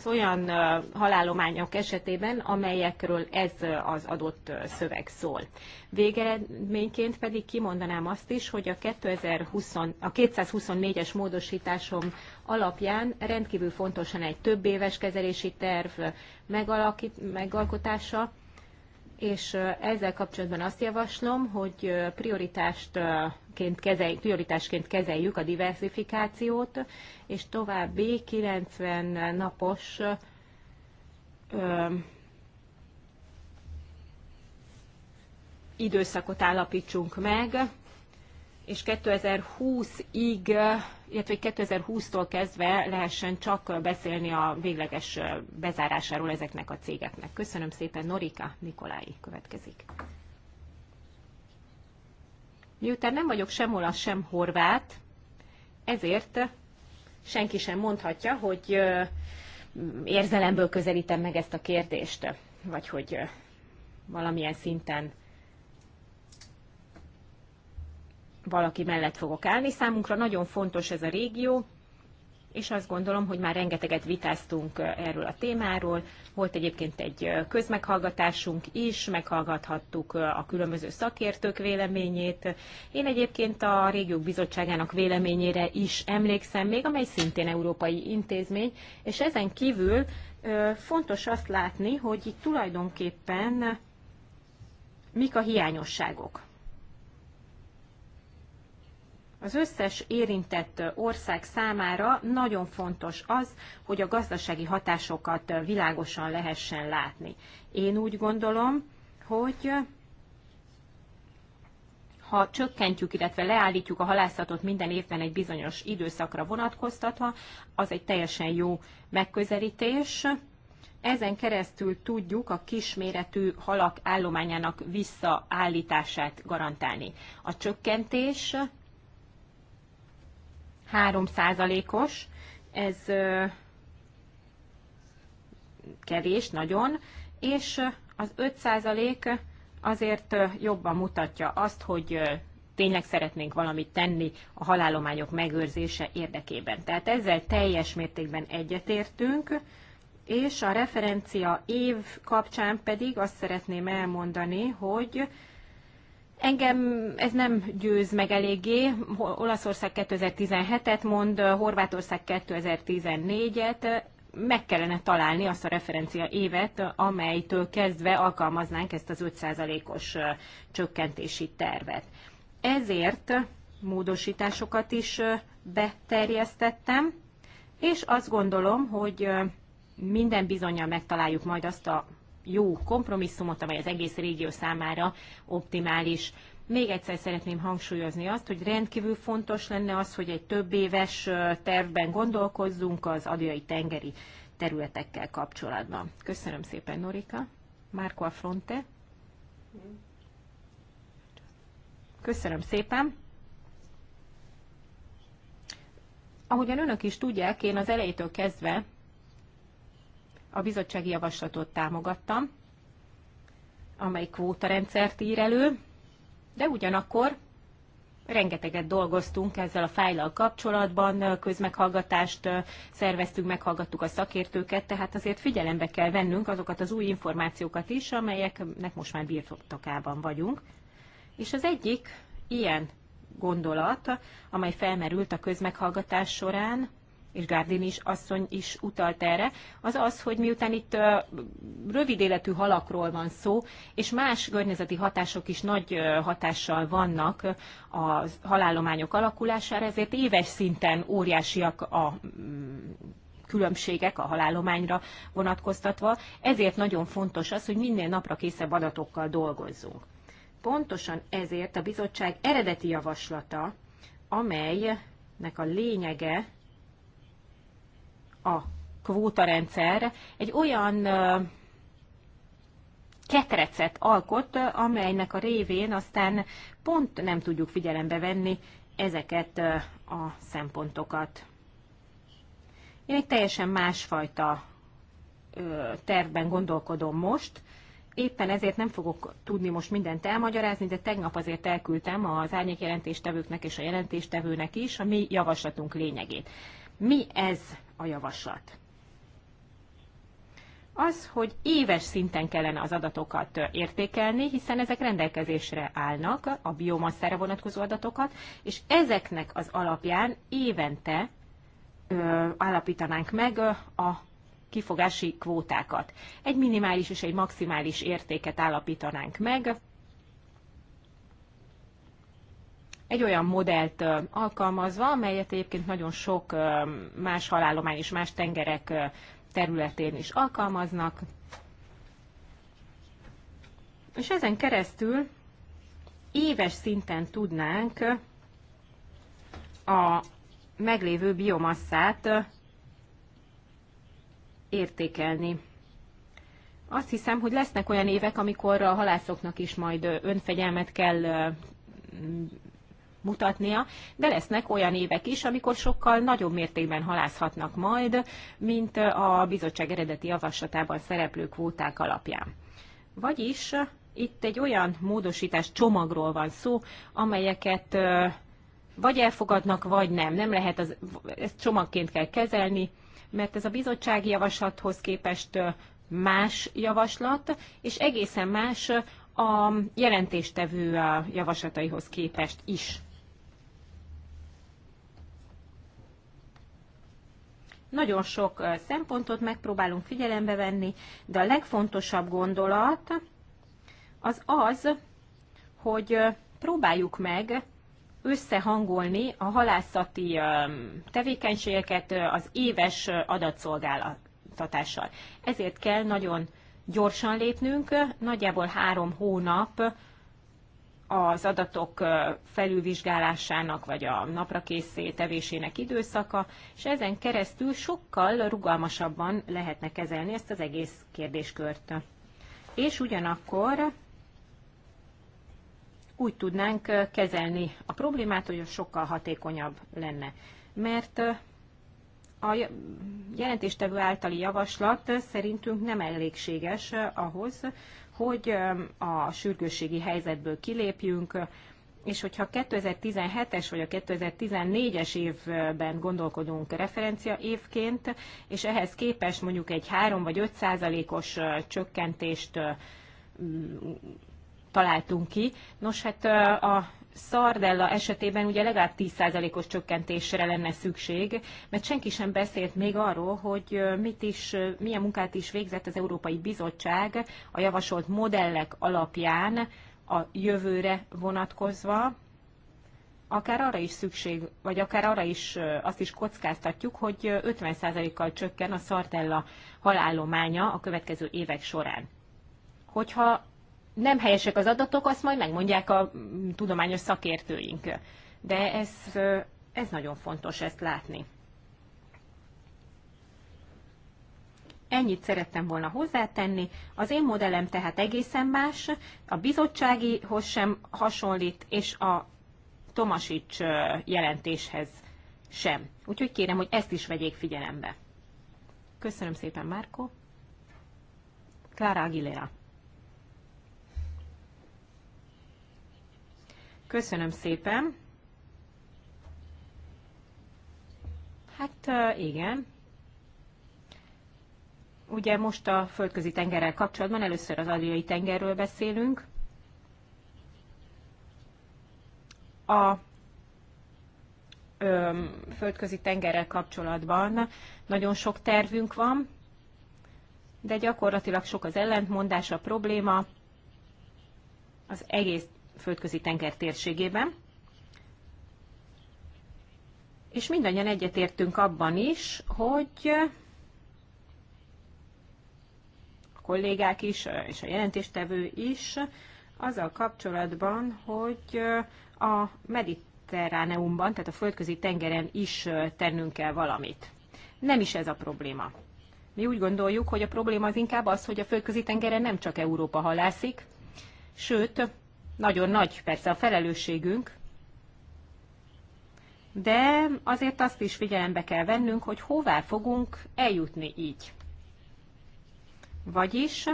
olyan halálományok esetében, amelyekről ez az adott szöveg szól. Végeredményként pedig kimondanám azt is, hogy a, 2020, a 224-es módosításom alapján rendkívül fontosan egy több éves kezelési terv megalkotása, és ezzel kapcsolatban azt javaslom, hogy prioritástként kezeljük, prioritásként kezeljük a diversifikációt, és további 90 napos ö, időszakot állapítsunk meg és 2020-ig, illetve 2020-tól kezdve lehessen csak beszélni a végleges bezárásáról ezeknek a cégeknek. Köszönöm szépen, Norika Nikolái következik. Miután nem vagyok sem olasz, sem horvát, ezért senki sem mondhatja, hogy érzelemből közelítem meg ezt a kérdést, vagy hogy valamilyen szinten valaki mellett fogok állni. Számunkra nagyon fontos ez a régió, és azt gondolom, hogy már rengeteget vitáztunk erről a témáról. Volt egyébként egy közmeghallgatásunk is, meghallgathattuk a különböző szakértők véleményét. Én egyébként a Régiók Bizottságának véleményére is emlékszem, még amely szintén európai intézmény, és ezen kívül fontos azt látni, hogy itt tulajdonképpen mik a hiányosságok. Az összes érintett ország számára nagyon fontos az, hogy a gazdasági hatásokat világosan lehessen látni. Én úgy gondolom, hogy ha csökkentjük, illetve leállítjuk a halászatot minden évben egy bizonyos időszakra vonatkoztatva, az egy teljesen jó megközelítés. Ezen keresztül tudjuk a kisméretű halak állományának visszaállítását garantálni. A csökkentés 3%-os, ez kevés nagyon, és az 5% azért jobban mutatja azt, hogy tényleg szeretnénk valamit tenni a halálományok megőrzése érdekében. Tehát ezzel teljes mértékben egyetértünk, és a referencia év kapcsán pedig azt szeretném elmondani, hogy Engem ez nem győz meg eléggé. Olaszország 2017-et mond, Horvátország 2014-et. Meg kellene találni azt a referencia évet, amelytől kezdve alkalmaznánk ezt az 5%-os csökkentési tervet. Ezért módosításokat is beterjesztettem, és azt gondolom, hogy minden bizonyal megtaláljuk majd azt a jó kompromisszumot, amely az egész régió számára optimális. Még egyszer szeretném hangsúlyozni azt, hogy rendkívül fontos lenne az, hogy egy több éves tervben gondolkozzunk az adjai tengeri területekkel kapcsolatban. Köszönöm szépen, Norika. Márko fronte. Köszönöm szépen. Ahogyan önök is tudják, én az elejétől kezdve a bizottsági javaslatot támogattam, amely kvótarendszert ír elő, de ugyanakkor rengeteget dolgoztunk ezzel a fájlal kapcsolatban, közmeghallgatást szerveztünk, meghallgattuk a szakértőket, tehát azért figyelembe kell vennünk azokat az új információkat is, amelyeknek most már birtokában vagyunk. És az egyik ilyen gondolat, amely felmerült a közmeghallgatás során, és Gárdin is asszony is utalt erre, az az, hogy miután itt rövid életű halakról van szó, és más környezeti hatások is nagy hatással vannak a halállományok alakulására, ezért éves szinten óriásiak a mm, különbségek a halállományra vonatkoztatva, ezért nagyon fontos az, hogy minden napra készebb adatokkal dolgozzunk. Pontosan ezért a bizottság eredeti javaslata, amelynek a lényege a kvótarendszer egy olyan ketrecet alkot, amelynek a révén aztán pont nem tudjuk figyelembe venni ezeket a szempontokat. Én egy teljesen másfajta tervben gondolkodom most, éppen ezért nem fogok tudni most mindent elmagyarázni, de tegnap azért elküldtem az árnyékjelentéstevőknek és a jelentéstevőnek is a mi javaslatunk lényegét. Mi ez a javaslat? Az, hogy éves szinten kellene az adatokat értékelni, hiszen ezek rendelkezésre állnak, a biomasszára vonatkozó adatokat, és ezeknek az alapján évente ö, állapítanánk meg a kifogási kvótákat. Egy minimális és egy maximális értéket állapítanánk meg, egy olyan modellt alkalmazva, amelyet egyébként nagyon sok más halállomány és más tengerek területén is alkalmaznak. És ezen keresztül éves szinten tudnánk a meglévő biomasszát értékelni. Azt hiszem, hogy lesznek olyan évek, amikor a halászoknak is majd önfegyelmet kell mutatnia, de lesznek olyan évek is, amikor sokkal nagyobb mértékben halászhatnak majd, mint a bizottság eredeti javaslatában szereplő kvóták alapján. Vagyis eh, itt egy olyan módosítás csomagról van szó, amelyeket eh, vagy elfogadnak, vagy nem. Nem lehet, az, ezt csomagként kell kezelni, mert ez a bizottsági javaslathoz képest eh, más javaslat, és egészen más a jelentéstevő javaslataihoz képest is. Nagyon sok szempontot megpróbálunk figyelembe venni, de a legfontosabb gondolat az az, hogy próbáljuk meg összehangolni a halászati tevékenységeket az éves adatszolgáltatással. Ezért kell nagyon gyorsan lépnünk, nagyjából három hónap az adatok felülvizsgálásának vagy a naprakészé tevésének időszaka, és ezen keresztül sokkal rugalmasabban lehetne kezelni ezt az egész kérdéskört. És ugyanakkor úgy tudnánk kezelni a problémát, hogy sokkal hatékonyabb lenne. Mert a jelentéstevő általi javaslat szerintünk nem elégséges ahhoz, hogy a sürgősségi helyzetből kilépjünk, és hogyha 2017-es vagy a 2014-es évben gondolkodunk referencia évként, és ehhez képest mondjuk egy 3 vagy 5 százalékos csökkentést találtunk ki. Nos, hát a szardella esetében ugye legalább 10%-os csökkentésre lenne szükség, mert senki sem beszélt még arról, hogy mit is, milyen munkát is végzett az Európai Bizottság a javasolt modellek alapján a jövőre vonatkozva, akár arra is szükség, vagy akár arra is azt is kockáztatjuk, hogy 50%-kal csökken a Szardella halállománya a következő évek során. Hogyha nem helyesek az adatok, azt majd megmondják a tudományos szakértőink. De ez, ez nagyon fontos ezt látni. Ennyit szerettem volna hozzátenni. Az én modellem tehát egészen más, a bizottságihoz sem hasonlít, és a Tomasics jelentéshez sem. Úgyhogy kérem, hogy ezt is vegyék figyelembe. Köszönöm szépen, Márko. Clara Aguilera. Köszönöm szépen. Hát igen. Ugye most a földközi tengerrel kapcsolatban először az Adriai tengerről beszélünk. A ö, földközi tengerrel kapcsolatban nagyon sok tervünk van, de gyakorlatilag sok az ellentmondás, a probléma. Az egész földközi tenger térségében. És mindannyian egyetértünk abban is, hogy a kollégák is, és a jelentéstevő is, azzal kapcsolatban, hogy a mediterráneumban, tehát a földközi tengeren is tennünk kell valamit. Nem is ez a probléma. Mi úgy gondoljuk, hogy a probléma az inkább az, hogy a földközi tengeren nem csak Európa halászik, sőt, nagyon nagy persze a felelősségünk, de azért azt is figyelembe kell vennünk, hogy hová fogunk eljutni így. Vagyis,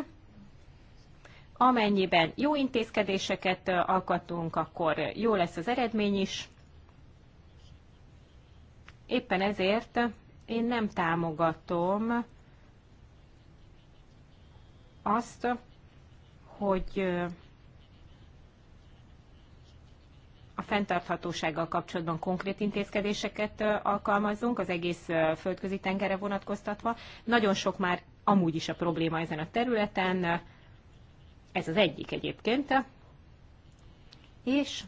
amennyiben jó intézkedéseket alkatunk, akkor jó lesz az eredmény is. Éppen ezért én nem támogatom azt, hogy a fenntarthatósággal kapcsolatban konkrét intézkedéseket alkalmazunk, az egész földközi tengerre vonatkoztatva. Nagyon sok már amúgy is a probléma ezen a területen, ez az egyik egyébként. És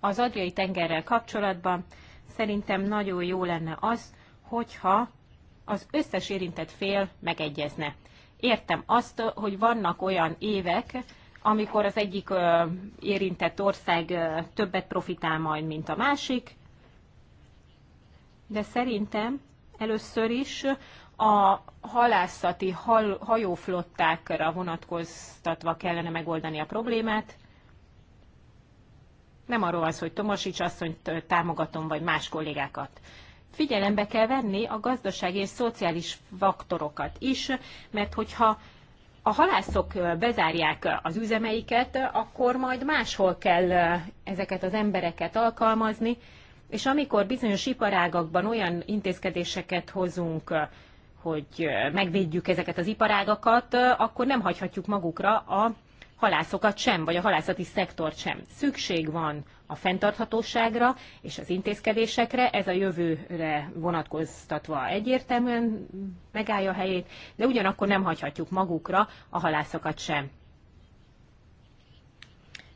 az adriai tengerrel kapcsolatban szerintem nagyon jó lenne az, hogyha az összes érintett fél megegyezne. Értem azt, hogy vannak olyan évek, amikor az egyik érintett ország többet profitál majd, mint a másik. De szerintem először is a halászati hal, hajóflottákra vonatkoztatva kellene megoldani a problémát. Nem arról van hogy Tomasics asszonyt támogatom, vagy más kollégákat. Figyelembe kell venni a gazdasági és szociális faktorokat is, mert hogyha a halászok bezárják az üzemeiket, akkor majd máshol kell ezeket az embereket alkalmazni, és amikor bizonyos iparágakban olyan intézkedéseket hozunk, hogy megvédjük ezeket az iparágakat, akkor nem hagyhatjuk magukra a halászokat sem, vagy a halászati szektort sem. Szükség van a fenntarthatóságra és az intézkedésekre, ez a jövőre vonatkoztatva egyértelműen megállja a helyét, de ugyanakkor nem hagyhatjuk magukra a halászokat sem.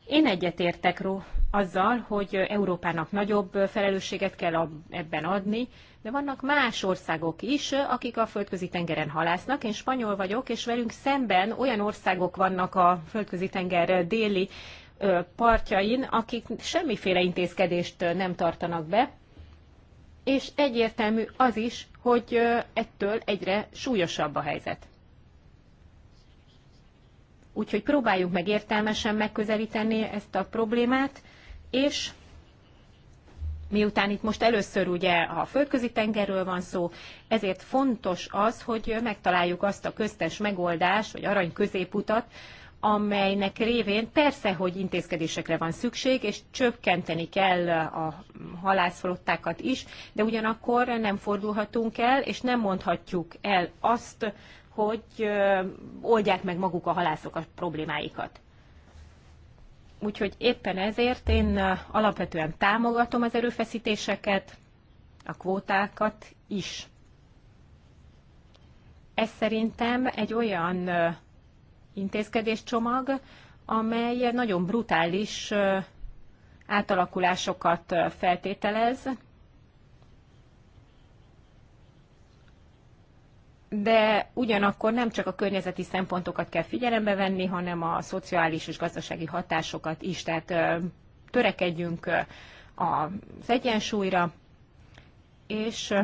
Én egyetértek azzal, hogy Európának nagyobb felelősséget kell ebben adni, de vannak más országok is, akik a földközi tengeren halásznak. Én spanyol vagyok, és velünk szemben olyan országok vannak a földközi tenger déli partjain, akik semmiféle intézkedést nem tartanak be, és egyértelmű az is, hogy ettől egyre súlyosabb a helyzet. Úgyhogy próbáljuk meg értelmesen megközelíteni ezt a problémát, és miután itt most először ugye a földközi tengerről van szó, ezért fontos az, hogy megtaláljuk azt a köztes megoldást, vagy arany középutat, amelynek révén persze, hogy intézkedésekre van szükség, és csökkenteni kell a halászflottákat is, de ugyanakkor nem fordulhatunk el, és nem mondhatjuk el azt, hogy oldják meg maguk a halászok a problémáikat. Úgyhogy éppen ezért én alapvetően támogatom az erőfeszítéseket, a kvótákat is. Ez szerintem egy olyan intézkedéscsomag, amely nagyon brutális átalakulásokat feltételez, de ugyanakkor nem csak a környezeti szempontokat kell figyelembe venni, hanem a szociális és gazdasági hatásokat is, tehát törekedjünk az egyensúlyra, és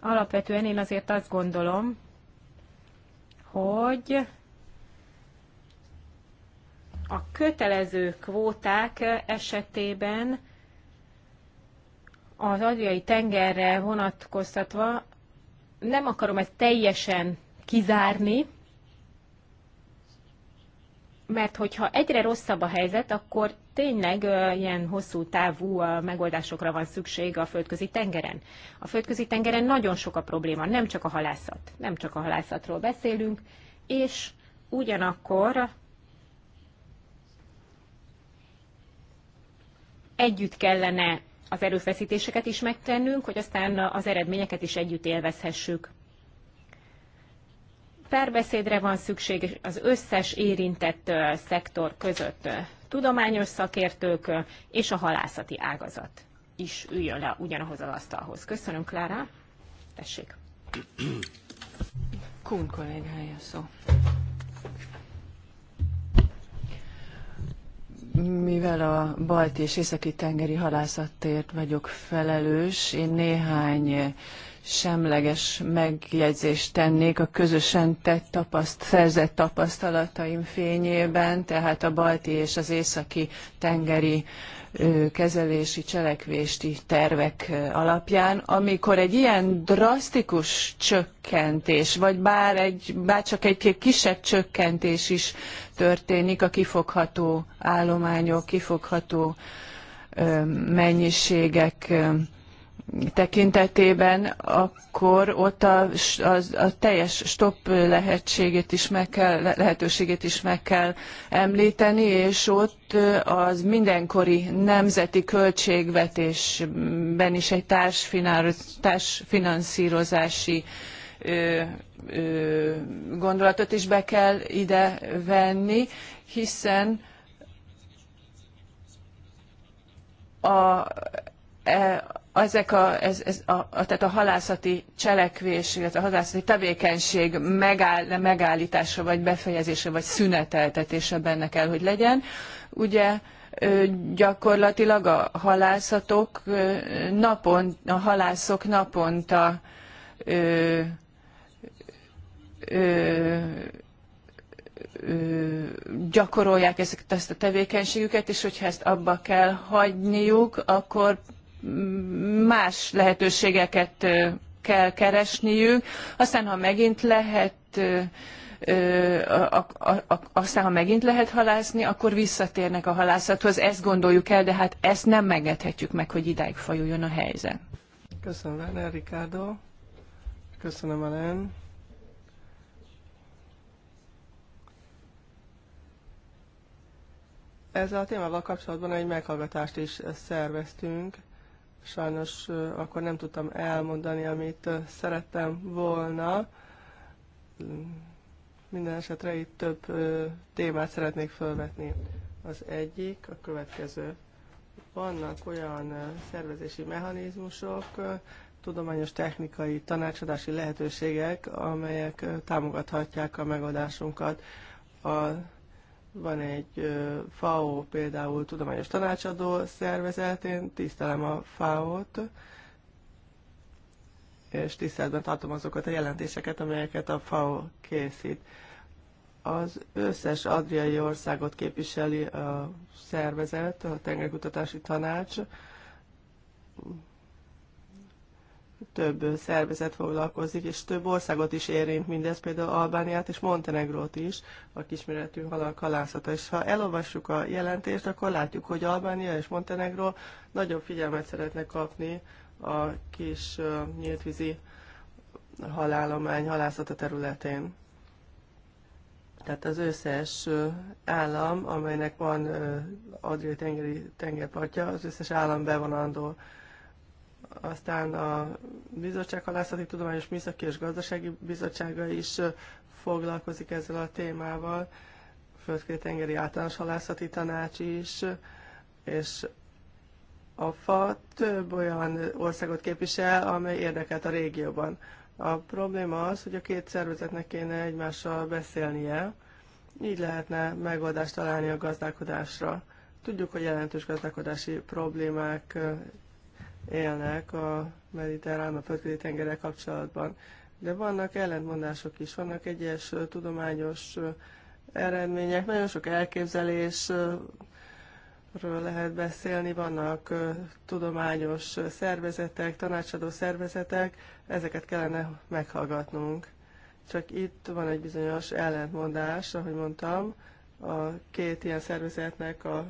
alapvetően én azért azt gondolom, hogy a kötelező kvóták esetében az adjai tengerre vonatkoztatva nem akarom ezt teljesen kizárni, mert hogyha egyre rosszabb a helyzet, akkor tényleg ilyen hosszú távú megoldásokra van szükség a földközi tengeren. A földközi tengeren nagyon sok a probléma, nem csak a halászat, nem csak a halászatról beszélünk, és ugyanakkor együtt kellene az erőfeszítéseket is megtennünk, hogy aztán az eredményeket is együtt élvezhessük. Párbeszédre van szükség az összes érintett szektor között. Tudományos szakértők és a halászati ágazat is üljön le ugyanahoz az asztalhoz. Köszönöm, Klára. Tessék. Kun kollégája szó. mivel a balti és északi tengeri halászatért vagyok felelős, én néhány semleges megjegyzést tennék a közösen tett tapaszt, szerzett tapasztalataim fényében, tehát a balti és az északi tengeri kezelési cselekvési tervek alapján, amikor egy ilyen drasztikus csökkentés, vagy bár, egy, bár csak egy kisebb csökkentés is történik a kifogható állományok, kifogható mennyiségek tekintetében, akkor ott a, a, a teljes stop lehetségét is meg kell, lehetőségét is meg kell említeni, és ott az mindenkori nemzeti költségvetésben is egy társfinanszírozási gondolatot is be kell ide venni, hiszen a, e- ezek a, ez, ez a, a, tehát a halászati cselekvés, illetve a halászati tevékenység megáll, megállítása, vagy befejezése, vagy szüneteltetése benne kell, hogy legyen. Ugye gyakorlatilag a halászatok napon, a halászok naponta ö, ö, gyakorolják ezt, ezt a tevékenységüket, és hogyha ezt abba kell hagyniuk, akkor más lehetőségeket kell keresniük. Aztán, ha megint lehet aztán, ha megint lehet halászni, akkor visszatérnek a halászathoz. Ezt gondoljuk el, de hát ezt nem megedhetjük meg, hogy idáig fajuljon a helyzet. Köszönöm, Lene, Ricardo. Köszönöm, Ellen. Ezzel a témával kapcsolatban egy meghallgatást is szerveztünk Sajnos akkor nem tudtam elmondani, amit szerettem volna. Minden esetre itt több témát szeretnék felvetni. Az egyik, a következő. Vannak olyan szervezési mechanizmusok, tudományos technikai tanácsadási lehetőségek, amelyek támogathatják a megoldásunkat. A van egy FAO például tudományos tanácsadó szervezet, én tisztelem a FAO-t, és tiszteletben tartom azokat a jelentéseket, amelyeket a FAO készít. Az összes adriai országot képviseli a szervezet, a tengerkutatási tanács, több szervezet foglalkozik, és több országot is érint mindez, például Albániát és Montenegrót is, a kisméretű halak halászata. És ha elolvassuk a jelentést, akkor látjuk, hogy Albánia és Montenegró nagyobb figyelmet szeretne kapni a kis nyíltvízi halálomány halászata területén. Tehát az összes állam, amelynek van adriai tengeri tengerpartja, az összes állam bevonandó aztán a bizottság halászati tudományos műszaki és gazdasági bizottsága is foglalkozik ezzel a témával, földkét tengeri általános halászati tanács is, és a FA több olyan országot képvisel, amely érdekelt a régióban. A probléma az, hogy a két szervezetnek kéne egymással beszélnie, így lehetne megoldást találni a gazdálkodásra. Tudjuk, hogy jelentős gazdálkodási problémák élnek a mediterrán, a földközi tengerrel kapcsolatban. De vannak ellentmondások is, vannak egyes tudományos eredmények, nagyon sok elképzelésről lehet beszélni, vannak tudományos szervezetek, tanácsadó szervezetek, ezeket kellene meghallgatnunk. Csak itt van egy bizonyos ellentmondás, ahogy mondtam, a két ilyen szervezetnek a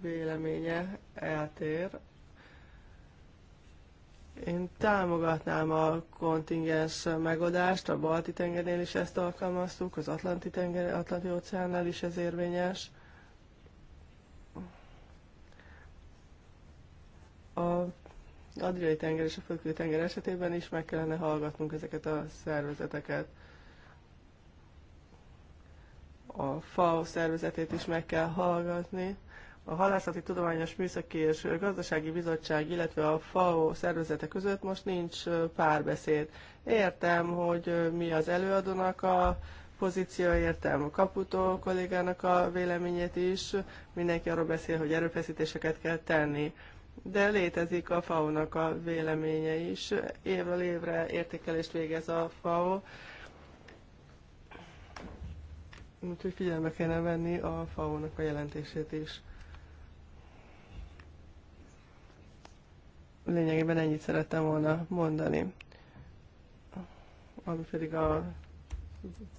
véleménye eltér én támogatnám a kontingens megoldást, a balti tengernél is ezt alkalmaztuk, az Atlanti, tenger, Atlanti óceánnál is ez érvényes. A Adriai tenger és a Földközi tenger esetében is meg kellene hallgatnunk ezeket a szervezeteket. A FAO szervezetét is meg kell hallgatni a Halászati Tudományos Műszaki és Gazdasági Bizottság, illetve a FAO szervezete között most nincs párbeszéd. Értem, hogy mi az előadónak a pozíció, értem a Kaputó kollégának a véleményét is, mindenki arról beszél, hogy erőfeszítéseket kell tenni. De létezik a FAO-nak a véleménye is. Évről évre értékelést végez a FAO. Úgyhogy figyelme kellene venni a FAO-nak a jelentését is. Lényegében ennyit szerettem volna mondani. Ami pedig a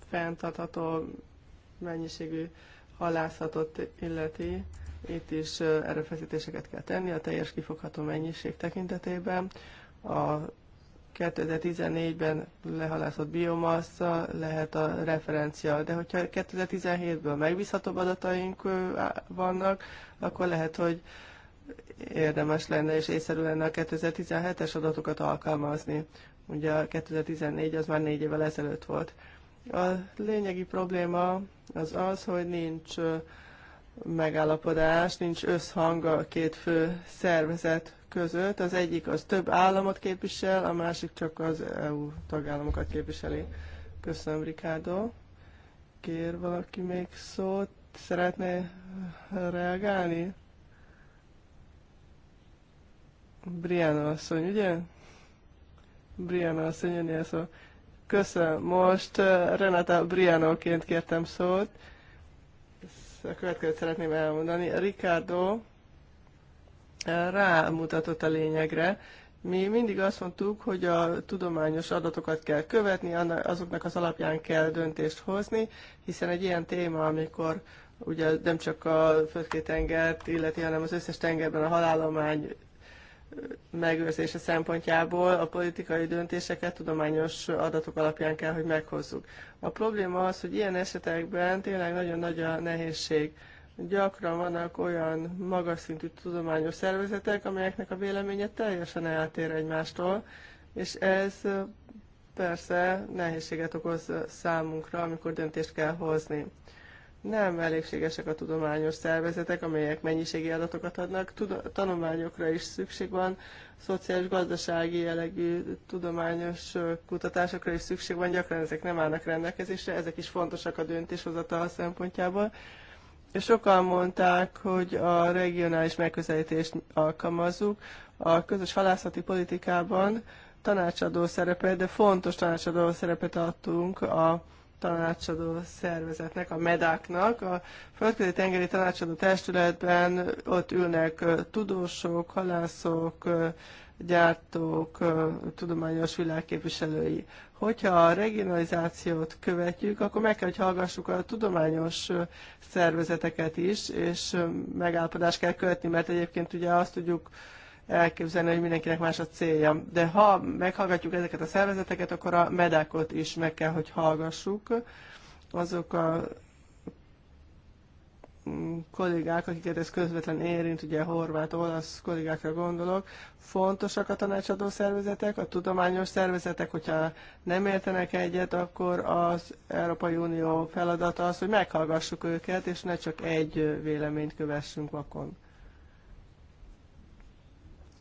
fenntartható mennyiségű halászatot illeti, itt is erőfeszítéseket kell tenni a teljes kifogható mennyiség tekintetében. A 2014-ben lehalászott biomassa lehet a referencia, de hogyha 2017-ből megbízhatóbb adataink vannak, akkor lehet, hogy érdemes lenne és észszerű lenne a 2017-es adatokat alkalmazni. Ugye a 2014 az már négy évvel ezelőtt volt. A lényegi probléma az az, hogy nincs megállapodás, nincs összhang a két fő szervezet között. Az egyik az több államot képvisel, a másik csak az EU tagállamokat képviseli. Köszönöm, Ricardo. Kér valaki még szót? Szeretné reagálni? Brianna asszony, ugye? Brianna asszony, jönni szó. Köszönöm. Most uh, Renata Brianóként kértem szót. Ezt a következőt szeretném elmondani. Ricardo uh, rámutatott a lényegre. Mi mindig azt mondtuk, hogy a tudományos adatokat kell követni, azoknak az alapján kell döntést hozni, hiszen egy ilyen téma, amikor ugye nem csak a tengert illeti, hanem az összes tengerben a halálomány megőrzése szempontjából a politikai döntéseket tudományos adatok alapján kell, hogy meghozzuk. A probléma az, hogy ilyen esetekben tényleg nagyon nagy a nehézség. Gyakran vannak olyan magas szintű tudományos szervezetek, amelyeknek a véleménye teljesen eltér egymástól, és ez persze nehézséget okoz számunkra, amikor döntést kell hozni nem elégségesek a tudományos szervezetek, amelyek mennyiségi adatokat adnak. Tud- tanulmányokra is szükség van, szociális-gazdasági jellegű tudományos kutatásokra is szükség van, gyakran ezek nem állnak rendelkezésre, ezek is fontosak a döntéshozatal szempontjából. Sokan mondták, hogy a regionális megközelítést alkalmazzuk. A közös halászati politikában tanácsadó szerepet, de fontos tanácsadó szerepet adtunk a tanácsadó szervezetnek, a medáknak. A földközi tengeri tanácsadó testületben ott ülnek tudósok, halászok, gyártók, tudományos világképviselői. Hogyha a regionalizációt követjük, akkor meg kell, hogy hallgassuk a tudományos szervezeteket is, és megállapodást kell kötni, mert egyébként ugye azt tudjuk, elképzelni, hogy mindenkinek más a célja. De ha meghallgatjuk ezeket a szervezeteket, akkor a medákot is meg kell, hogy hallgassuk. Azok a kollégák, akiket ez közvetlen érint, ugye horvát, olasz kollégákra gondolok, fontosak a tanácsadó szervezetek, a tudományos szervezetek, hogyha nem értenek egyet, akkor az Európai Unió feladata az, hogy meghallgassuk őket, és ne csak egy véleményt kövessünk vakon.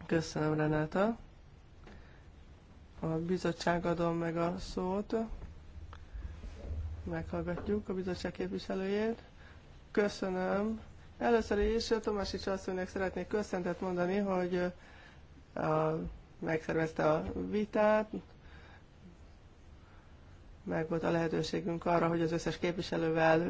Köszönöm, Renáta. A bizottság adom meg a szót. Meghallgatjuk a bizottság képviselőjét. Köszönöm. Először is Tomásics asszonynak szeretnék köszöntet mondani, hogy a, megszervezte a vitát, meg volt a lehetőségünk arra, hogy az összes képviselővel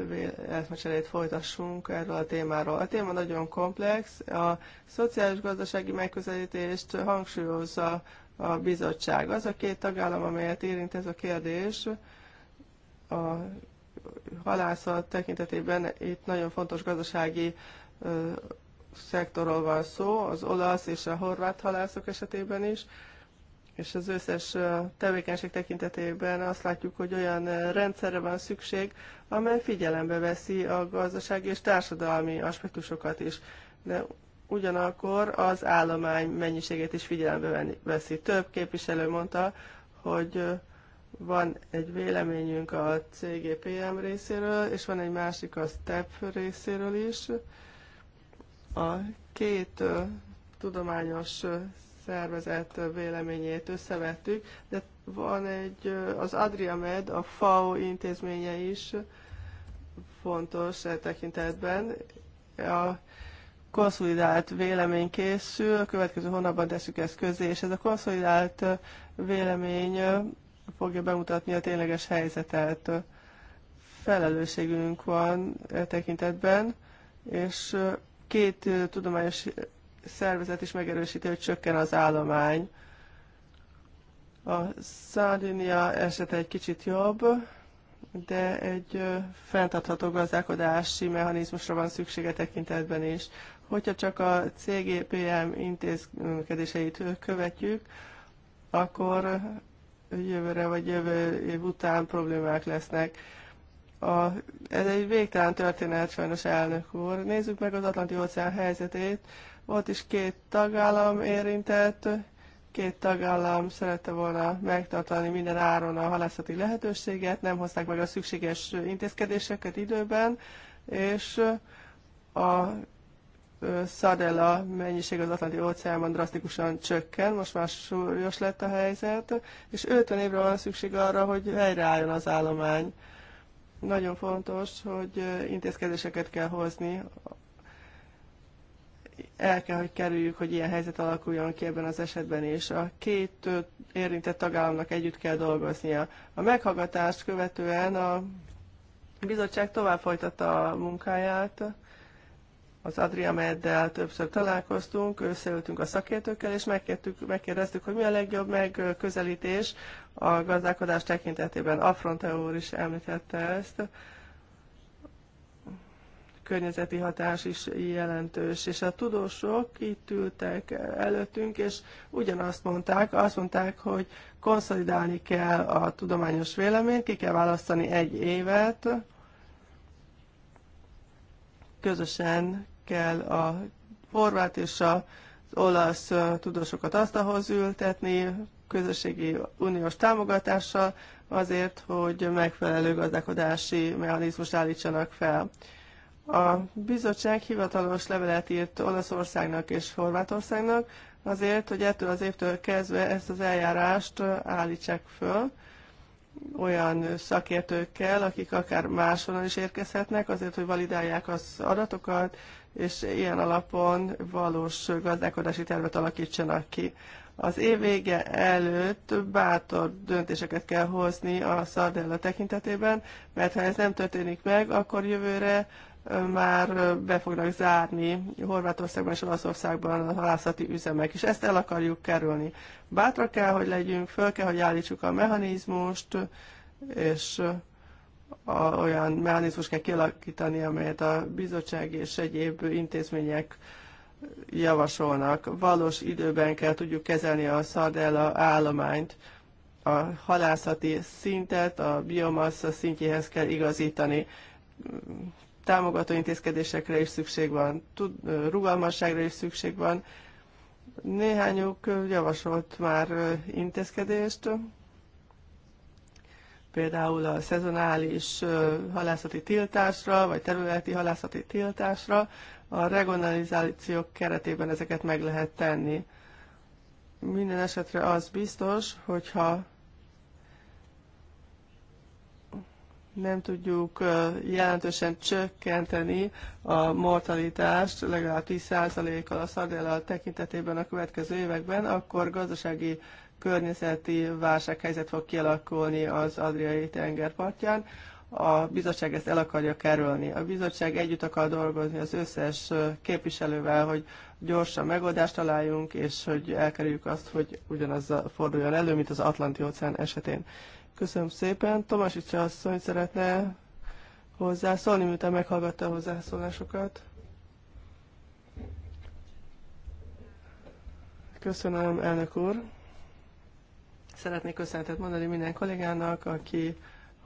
eszmecserét folytassunk erről a témáról. A téma nagyon komplex, a szociális-gazdasági megközelítést hangsúlyozza a bizottság. Az a két tagállam, amelyet érint ez a kérdés, a halászat tekintetében itt nagyon fontos gazdasági szektorról van szó, az olasz és a horvát halászok esetében is, és az összes tevékenység tekintetében azt látjuk, hogy olyan rendszerre van szükség, amely figyelembe veszi a gazdasági és társadalmi aspektusokat is. De ugyanakkor az állomány mennyiségét is figyelembe veszi. Több képviselő mondta, hogy van egy véleményünk a CGPM részéről, és van egy másik a STEP részéről is. A két tudományos szervezet véleményét összevettük, de van egy, az AdriaMed, a FAO intézménye is fontos e tekintetben. A konszolidált vélemény készül, a következő hónapban tesszük ezt közé, és ez a konszolidált vélemény fogja bemutatni a tényleges helyzetet. Felelősségünk van e tekintetben, és két tudományos szervezet is megerősíti, hogy csökken az állomány. A Szardinia esete egy kicsit jobb, de egy fenntartható gazdálkodási mechanizmusra van szüksége tekintetben is. Hogyha csak a CGPM intézkedéseit követjük, akkor jövőre vagy jövő év után problémák lesznek. A, ez egy végtelen történet, sajnos elnök úr. Nézzük meg az Atlanti óceán helyzetét. Volt is két tagállam érintett, két tagállam szerette volna megtartani minden áron a halászati lehetőséget, nem hozták meg a szükséges intézkedéseket időben, és a szadella mennyiség az Atlanti óceánban drasztikusan csökken, most már súlyos lett a helyzet, és 50 évre van szükség arra, hogy helyreálljon az állomány. Nagyon fontos, hogy intézkedéseket kell hozni el kell, hogy kerüljük, hogy ilyen helyzet alakuljon ki ebben az esetben és A két érintett tagállamnak együtt kell dolgoznia. A meghallgatást követően a bizottság tovább folytatta a munkáját. Az Adria Meddel többször találkoztunk, összeültünk a szakértőkkel, és megkérdeztük, hogy mi a legjobb megközelítés a gazdálkodás tekintetében. Afronteur is említette ezt környezeti hatás is jelentős. És a tudósok itt ültek előttünk, és ugyanazt mondták, azt mondták, hogy konszolidálni kell a tudományos véleményt, ki kell választani egy évet, közösen kell a horvát és az olasz tudósokat asztalhoz ültetni, közösségi uniós támogatással, azért, hogy megfelelő gazdálkodási mechanizmust állítsanak fel. A bizottság hivatalos levelet írt Olaszországnak és Horvátországnak azért, hogy ettől az évtől kezdve ezt az eljárást állítsák föl olyan szakértőkkel, akik akár máshonnan is érkezhetnek, azért, hogy validálják az adatokat, és ilyen alapon valós gazdálkodási tervet alakítsanak ki. Az év vége előtt bátor döntéseket kell hozni a szardella tekintetében, mert ha ez nem történik meg, akkor jövőre már be fognak zárni Horvátországban és Olaszországban a halászati üzemek, és ezt el akarjuk kerülni. Bátra kell, hogy legyünk, föl kell, hogy állítsuk a mechanizmust, és a, olyan mechanizmus kell kialakítani, amelyet a bizottság és egyéb intézmények javasolnak. Valós időben kell tudjuk kezelni a szardella állományt, a halászati szintet a biomassa szintjéhez kell igazítani támogató intézkedésekre is szükség van, tud, rugalmasságra is szükség van. Néhányuk javasolt már intézkedést, például a szezonális halászati tiltásra, vagy területi halászati tiltásra, a regionalizáció keretében ezeket meg lehet tenni. Minden esetre az biztos, hogyha nem tudjuk jelentősen csökkenteni a mortalitást legalább 10%-kal a szardella tekintetében a következő években, akkor gazdasági környezeti válsághelyzet fog kialakulni az Adriai tengerpartján. A bizottság ezt el akarja kerülni. A bizottság együtt akar dolgozni az összes képviselővel, hogy gyorsan megoldást találjunk, és hogy elkerüljük azt, hogy ugyanaz forduljon elő, mint az Atlanti-óceán esetén. Köszönöm szépen. Tomasics asszony szeretne hozzászólni, miután meghallgatta a hozzászólásokat. Köszönöm, elnök úr. Szeretnék köszönetet mondani minden kollégának, aki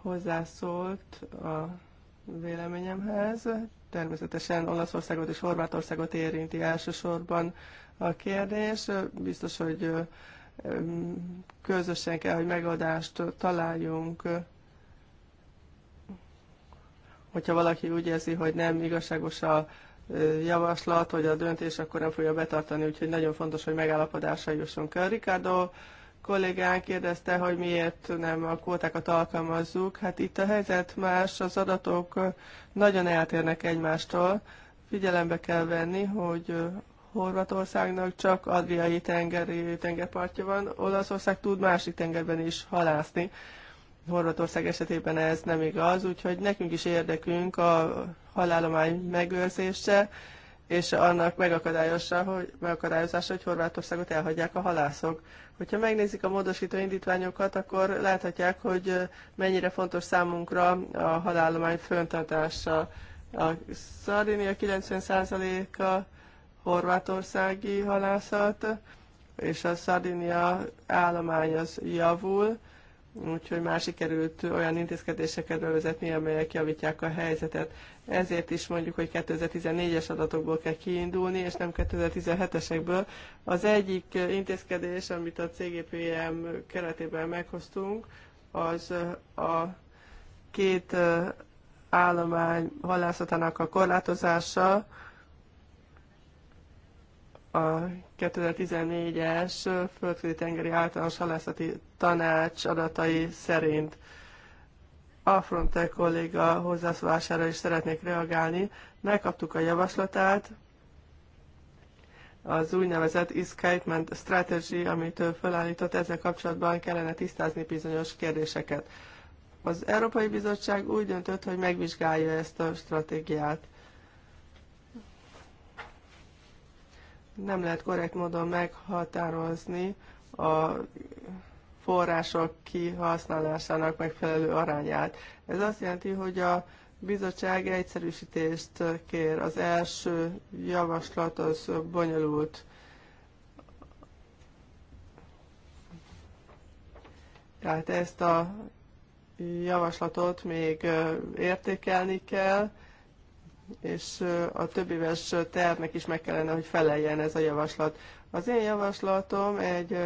hozzászólt a véleményemhez. Természetesen Olaszországot és Horvátországot érinti elsősorban a kérdés. Biztos, hogy közösen kell, hogy megadást találjunk, hogyha valaki úgy érzi, hogy nem igazságos a javaslat, hogy a döntés, akkor nem fogja betartani, úgyhogy nagyon fontos, hogy megállapodásra jusson kell. Ricardo kollégán kérdezte, hogy miért nem a kvótákat alkalmazzuk. Hát itt a helyzet más, az adatok nagyon eltérnek egymástól. Figyelembe kell venni, hogy Horvatországnak csak Adriai tengeri tengerpartja van, Olaszország tud másik tengerben is halászni. Horvatország esetében ez nem igaz, úgyhogy nekünk is érdekünk a halálomány megőrzése, és annak megakadályozása, hogy, megakadályozása, hogy Horvátországot elhagyják a halászok. Hogyha megnézik a módosító indítványokat, akkor láthatják, hogy mennyire fontos számunkra a halállomány föntartása. A Szardinia 90%-a horvátországi halászat, és a Szardinia állomány az javul, úgyhogy már sikerült olyan intézkedéseket bevezetni, amelyek javítják a helyzetet. Ezért is mondjuk, hogy 2014-es adatokból kell kiindulni, és nem 2017-esekből. Az egyik intézkedés, amit a CGPM keretében meghoztunk, az a két állomány halászatának a korlátozása, a 2014-es földközi tengeri általános halászati tanács adatai szerint. A Fronte kolléga hozzászólására is szeretnék reagálni. Megkaptuk a javaslatát, az úgynevezett escapement strategy, amit ő felállított, ezzel kapcsolatban kellene tisztázni bizonyos kérdéseket. Az Európai Bizottság úgy döntött, hogy megvizsgálja ezt a stratégiát. nem lehet korrekt módon meghatározni a források kihasználásának megfelelő arányát. Ez azt jelenti, hogy a bizottság egyszerűsítést kér. Az első javaslat az bonyolult. Tehát ezt a javaslatot még értékelni kell, és a éves tervnek is meg kellene, hogy feleljen ez a javaslat. Az én javaslatom egy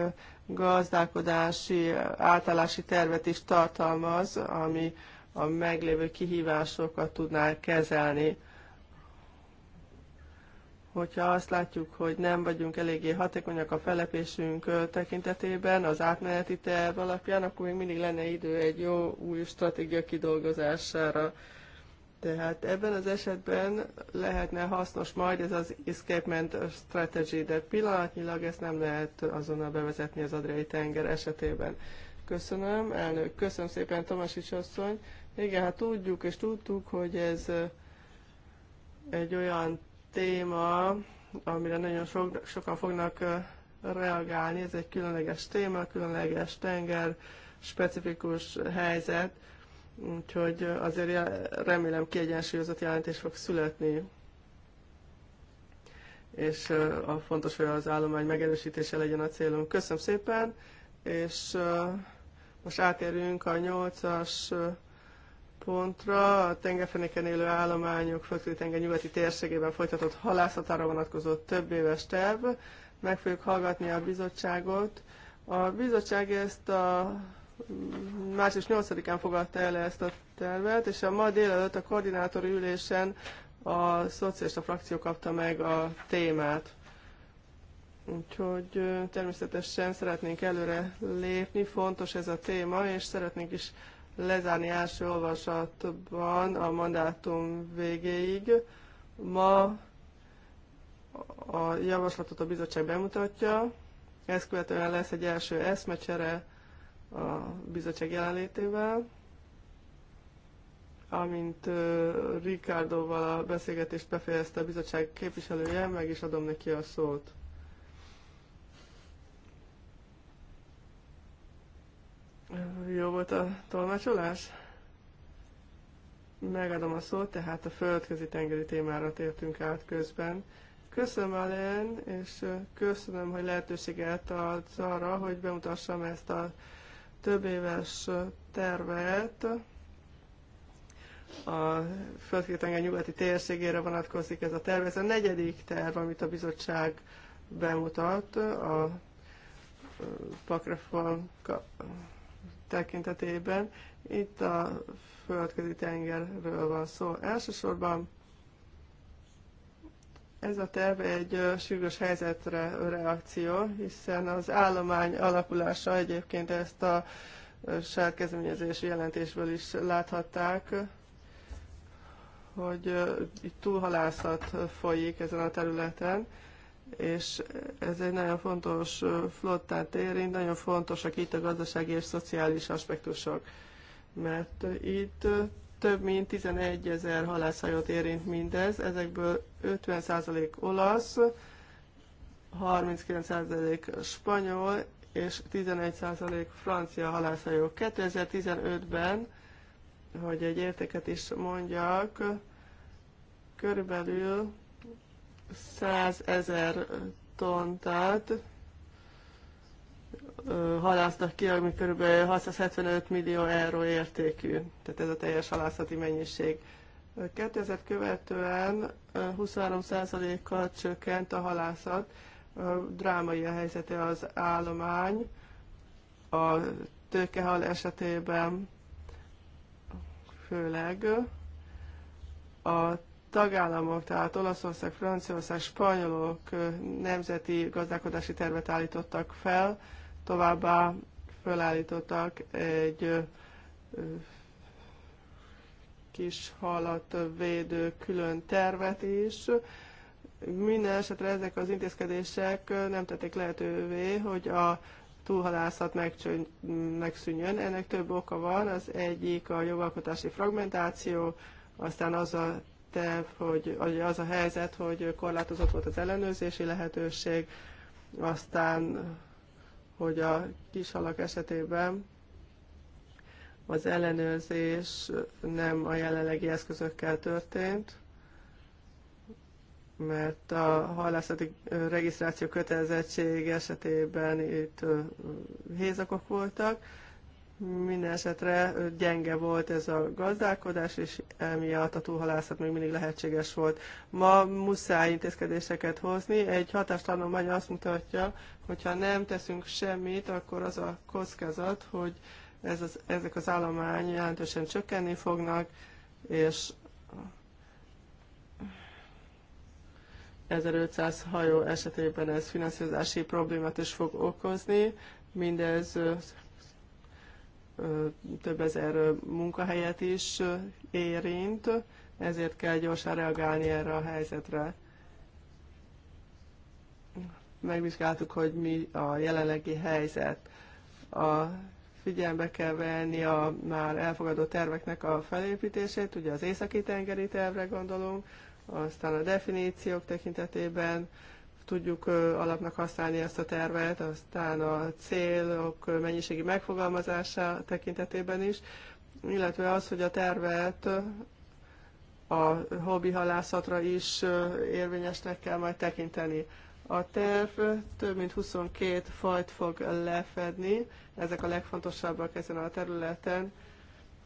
gazdálkodási átállási tervet is tartalmaz, ami a meglévő kihívásokat tudná kezelni. Hogyha azt látjuk, hogy nem vagyunk eléggé hatékonyak a felepésünk tekintetében az átmeneti terv alapján, akkor még mindig lenne idő egy jó új stratégia kidolgozására. Tehát ebben az esetben lehetne hasznos majd ez az escapement strategy, de pillanatnyilag ezt nem lehet azonnal bevezetni az adriai tenger esetében. Köszönöm, elnök. Köszönöm szépen, Tomasics asszony. Igen, hát tudjuk és tudtuk, hogy ez egy olyan téma, amire nagyon sok, sokan fognak reagálni. Ez egy különleges téma, különleges tenger, specifikus helyzet Úgyhogy azért remélem kiegyensúlyozott jelentés fog születni. És a fontos, hogy az állomány megerősítése legyen a célunk. Köszönöm szépen, és most átérünk a nyolcas pontra, a tengerfenéken élő állományok földközi-tenger nyugati térségében folytatott halászatára vonatkozó több éves terv. Meg fogjuk hallgatni a bizottságot. A bizottság ezt a március 8-án fogadta el ezt a tervet, és a ma délelőtt a koordinátor ülésen a szocialista frakció kapta meg a témát. Úgyhogy természetesen szeretnénk előre lépni, fontos ez a téma, és szeretnénk is lezárni első olvasatban a mandátum végéig. Ma a javaslatot a bizottság bemutatja, ezt követően lesz egy első eszmecsere, a bizottság jelenlétével. Amint Ricardoval a beszélgetést befejezte a bizottság képviselője, meg is adom neki a szót. Jó volt a tolmácsolás? Megadom a szót, tehát a földközi tengeri témára tértünk át közben. Köszönöm Alen, és köszönöm, hogy lehetőséget adsz arra, hogy bemutassam ezt a több éves tervet a földkétenger nyugati térségére vonatkozik ez a terv. Ez a negyedik terv, amit a bizottság bemutat a pakreform tekintetében. Itt a földközi tengerről van szó. Elsősorban ez a terv egy sürgős helyzetre reakció, hiszen az állomány alakulása egyébként ezt a sárkezményezési jelentésből is láthatták, hogy itt túlhalászat folyik ezen a területen, és ez egy nagyon fontos flottát érint, nagyon fontosak itt a gazdasági és szociális aspektusok, mert itt több mint 11 ezer halászhajót érint mindez, ezekből 50% olasz, 39% spanyol és 11% francia halászhajó. 2015-ben, hogy egy értéket is mondjak, körülbelül 100 ezer tontát halásznak ki, ami kb. 675 millió euró értékű, tehát ez a teljes halászati mennyiség. 2000 követően 23%-kal csökkent a halászat, drámai a helyzete az állomány, a tőkehal esetében főleg a tagállamok, tehát Olaszország, Franciaország, spanyolok nemzeti gazdálkodási tervet állítottak fel, Továbbá felállítottak egy kis halat védő külön tervet is. Minden esetre ezek az intézkedések nem tették lehetővé, hogy a túlhalászat megszűnjön. Ennek több oka van, az egyik a jogalkotási fragmentáció, aztán az a terv, hogy az a helyzet, hogy korlátozott volt az ellenőrzési lehetőség, aztán hogy a kisalak esetében az ellenőrzés nem a jelenlegi eszközökkel történt, mert a halászati regisztráció kötelezettség esetében itt hézakok voltak, minden esetre gyenge volt ez a gazdálkodás, és emiatt a túlhalászat még mindig lehetséges volt. Ma muszáj intézkedéseket hozni. Egy hatástanulmány azt mutatja, hogy ha nem teszünk semmit, akkor az a kockázat, hogy ez az, ezek az állomány jelentősen csökkenni fognak, és 1500 hajó esetében ez finanszírozási problémát is fog okozni. Mindez több ezer munkahelyet is érint, ezért kell gyorsan reagálni erre a helyzetre. Megvizsgáltuk, hogy mi a jelenlegi helyzet. A figyelembe kell venni a már elfogadott terveknek a felépítését, ugye az északi tengeri tervre gondolunk, aztán a definíciók tekintetében tudjuk alapnak használni ezt a tervet, aztán a célok mennyiségi megfogalmazása tekintetében is, illetve az, hogy a tervet a hobbi halászatra is érvényesnek kell majd tekinteni. A terv több mint 22 fajt fog lefedni, ezek a legfontosabbak ezen a területen.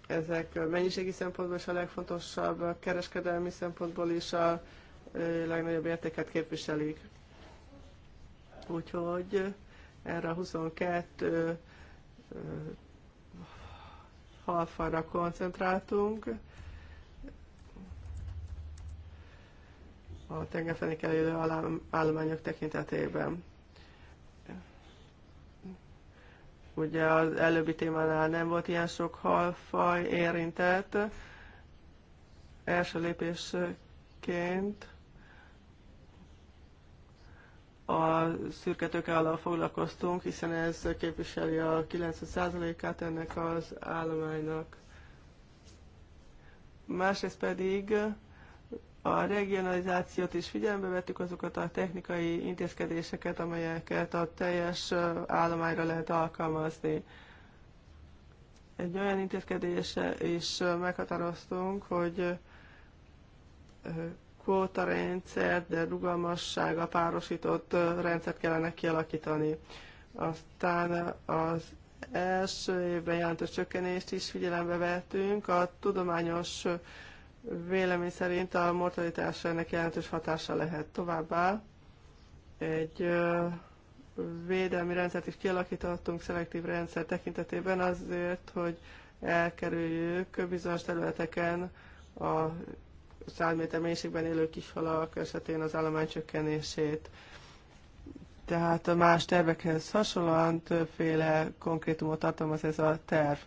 Ezek mennyiségi szempontból is a legfontosabb, kereskedelmi szempontból is a legnagyobb értéket képviselik úgyhogy erre a 22 halfára koncentráltunk. a tengerfenék elérő állományok tekintetében. Ugye az előbbi témánál nem volt ilyen sok halfaj érintett. Első lépésként a szürke tőkeállal foglalkoztunk, hiszen ez képviseli a 90%-át ennek az állománynak. Másrészt pedig a regionalizációt is figyelembe vettük azokat a technikai intézkedéseket, amelyeket a teljes állományra lehet alkalmazni. Egy olyan intézkedése is meghatároztunk, hogy rendszer, de rugalmassága párosított rendszert kellene kialakítani. Aztán az első évben jelentős csökkenést is figyelembe vettünk. A tudományos vélemény szerint a mortalitásra ennek jelentős hatása lehet. Továbbá egy védelmi rendszert is kialakítottunk szelektív rendszer tekintetében azért, hogy elkerüljük bizonyos területeken a 100 méter mélységben élő kishalak esetén az állomány csökkenését. Tehát a más tervekhez hasonlóan többféle konkrétumot tartalmaz ez a terv.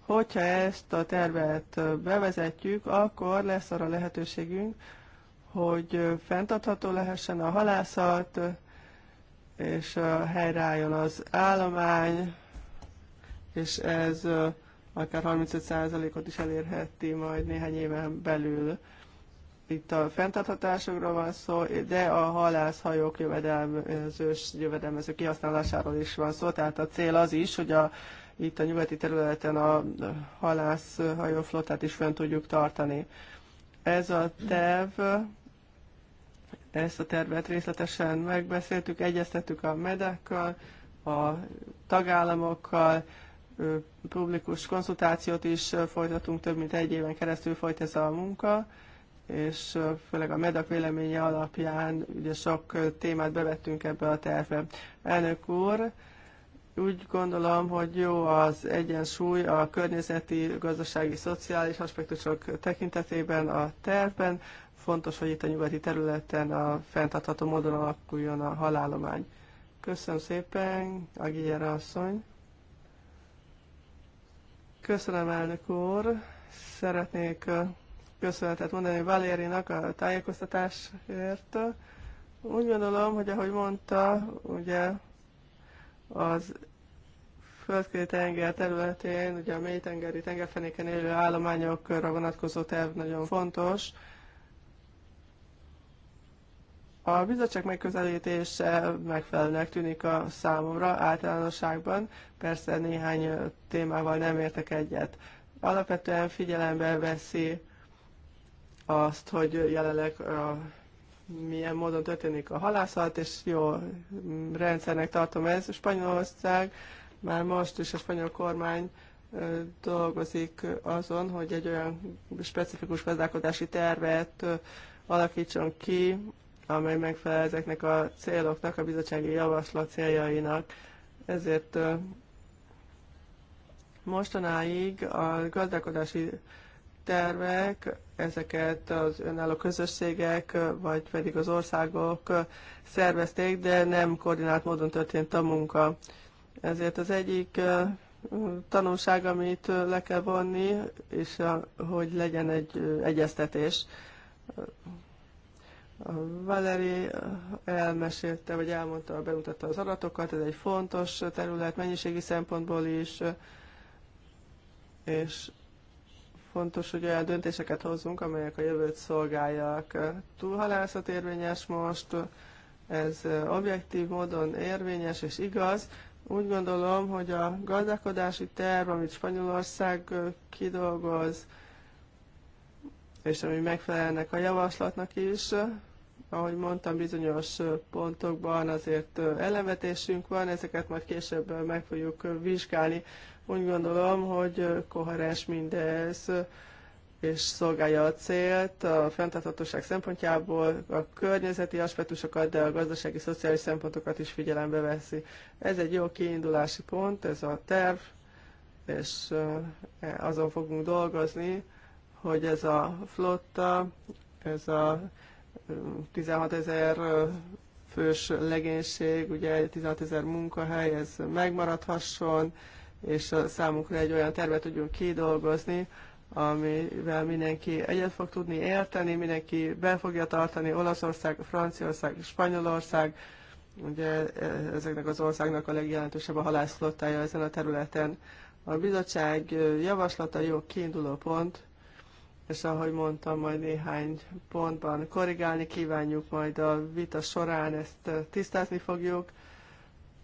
Hogyha ezt a tervet bevezetjük, akkor lesz arra lehetőségünk, hogy fenntartható lehessen a halászat, és helyreálljon az állomány, és ez akár 35%-ot is elérheti majd néhány éven belül itt a fenntarthatásokról van szó, de a halászhajók jövedelmezős, jövedelmező kihasználásáról is van szó, tehát a cél az is, hogy a, itt a nyugati területen a halászhajóflotát is fent tudjuk tartani. Ez a terv, ezt a tervet részletesen megbeszéltük, egyeztettük a medekkal, a tagállamokkal, publikus konzultációt is folytatunk, több mint egy éven keresztül folyt ez a munka, és főleg a medak véleménye alapján ugye sok témát bevettünk ebbe a tervbe. Elnök úr, úgy gondolom, hogy jó az egyensúly a környezeti, gazdasági, szociális aspektusok tekintetében a tervben. Fontos, hogy itt a nyugati területen a fenntartható módon alakuljon a halálomány. Köszönöm szépen, Agiyera asszony. Köszönöm, elnök úr. Szeretnék köszönetet mondani Valérinak a tájékoztatásért. Úgy gondolom, hogy ahogy mondta, ugye az földközi tenger területén, ugye a mélytengeri tengerfenéken élő állományokra vonatkozó terv nagyon fontos. A bizottság megközelítése megfelelőnek tűnik a számomra általánosságban, persze néhány témával nem értek egyet. Alapvetően figyelembe veszi azt, hogy jelenleg a, milyen módon történik a halászat, és jó rendszernek tartom ez. Spanyolország már most is a spanyol kormány dolgozik azon, hogy egy olyan specifikus gazdálkodási tervet alakítson ki, amely megfelel ezeknek a céloknak, a bizottsági javaslat céljainak. Ezért mostanáig a gazdálkodási tervek ezeket az önálló közösségek, vagy pedig az országok szervezték, de nem koordinált módon történt a munka. Ezért az egyik tanulság, amit le kell vonni, és a, hogy legyen egy egyeztetés. Valeri elmesélte, vagy elmondta, bemutatta az adatokat, ez egy fontos terület mennyiségi szempontból is, és Fontos, hogy olyan döntéseket hozzunk, amelyek a jövőt szolgálják. Túlhalászat érvényes most, ez objektív módon érvényes és igaz. Úgy gondolom, hogy a gazdálkodási terv, amit Spanyolország kidolgoz, és ami megfelelnek a javaslatnak is, ahogy mondtam, bizonyos pontokban azért ellenvetésünk van, ezeket majd később meg fogjuk vizsgálni. Úgy gondolom, hogy koherens mindez, és szolgálja a célt a fenntarthatóság szempontjából, a környezeti aspektusokat, de a gazdasági, szociális szempontokat is figyelembe veszi. Ez egy jó kiindulási pont, ez a terv, és e, azon fogunk dolgozni, hogy ez a flotta, ez a 16 mm, ezer fős legénység, ugye 16 ezer munkahely, ez megmaradhasson, és a számunkra egy olyan tervet tudjunk kidolgozni, amivel mindenki egyet fog tudni érteni, mindenki be fogja tartani Olaszország, Franciaország, Spanyolország, ugye e, ezeknek az országnak a legjelentősebb a halászflottája ezen a területen. A bizottság e, javaslata jó kiinduló pont, és ahogy mondtam, majd néhány pontban korrigálni kívánjuk, majd a vita során ezt e, tisztázni fogjuk.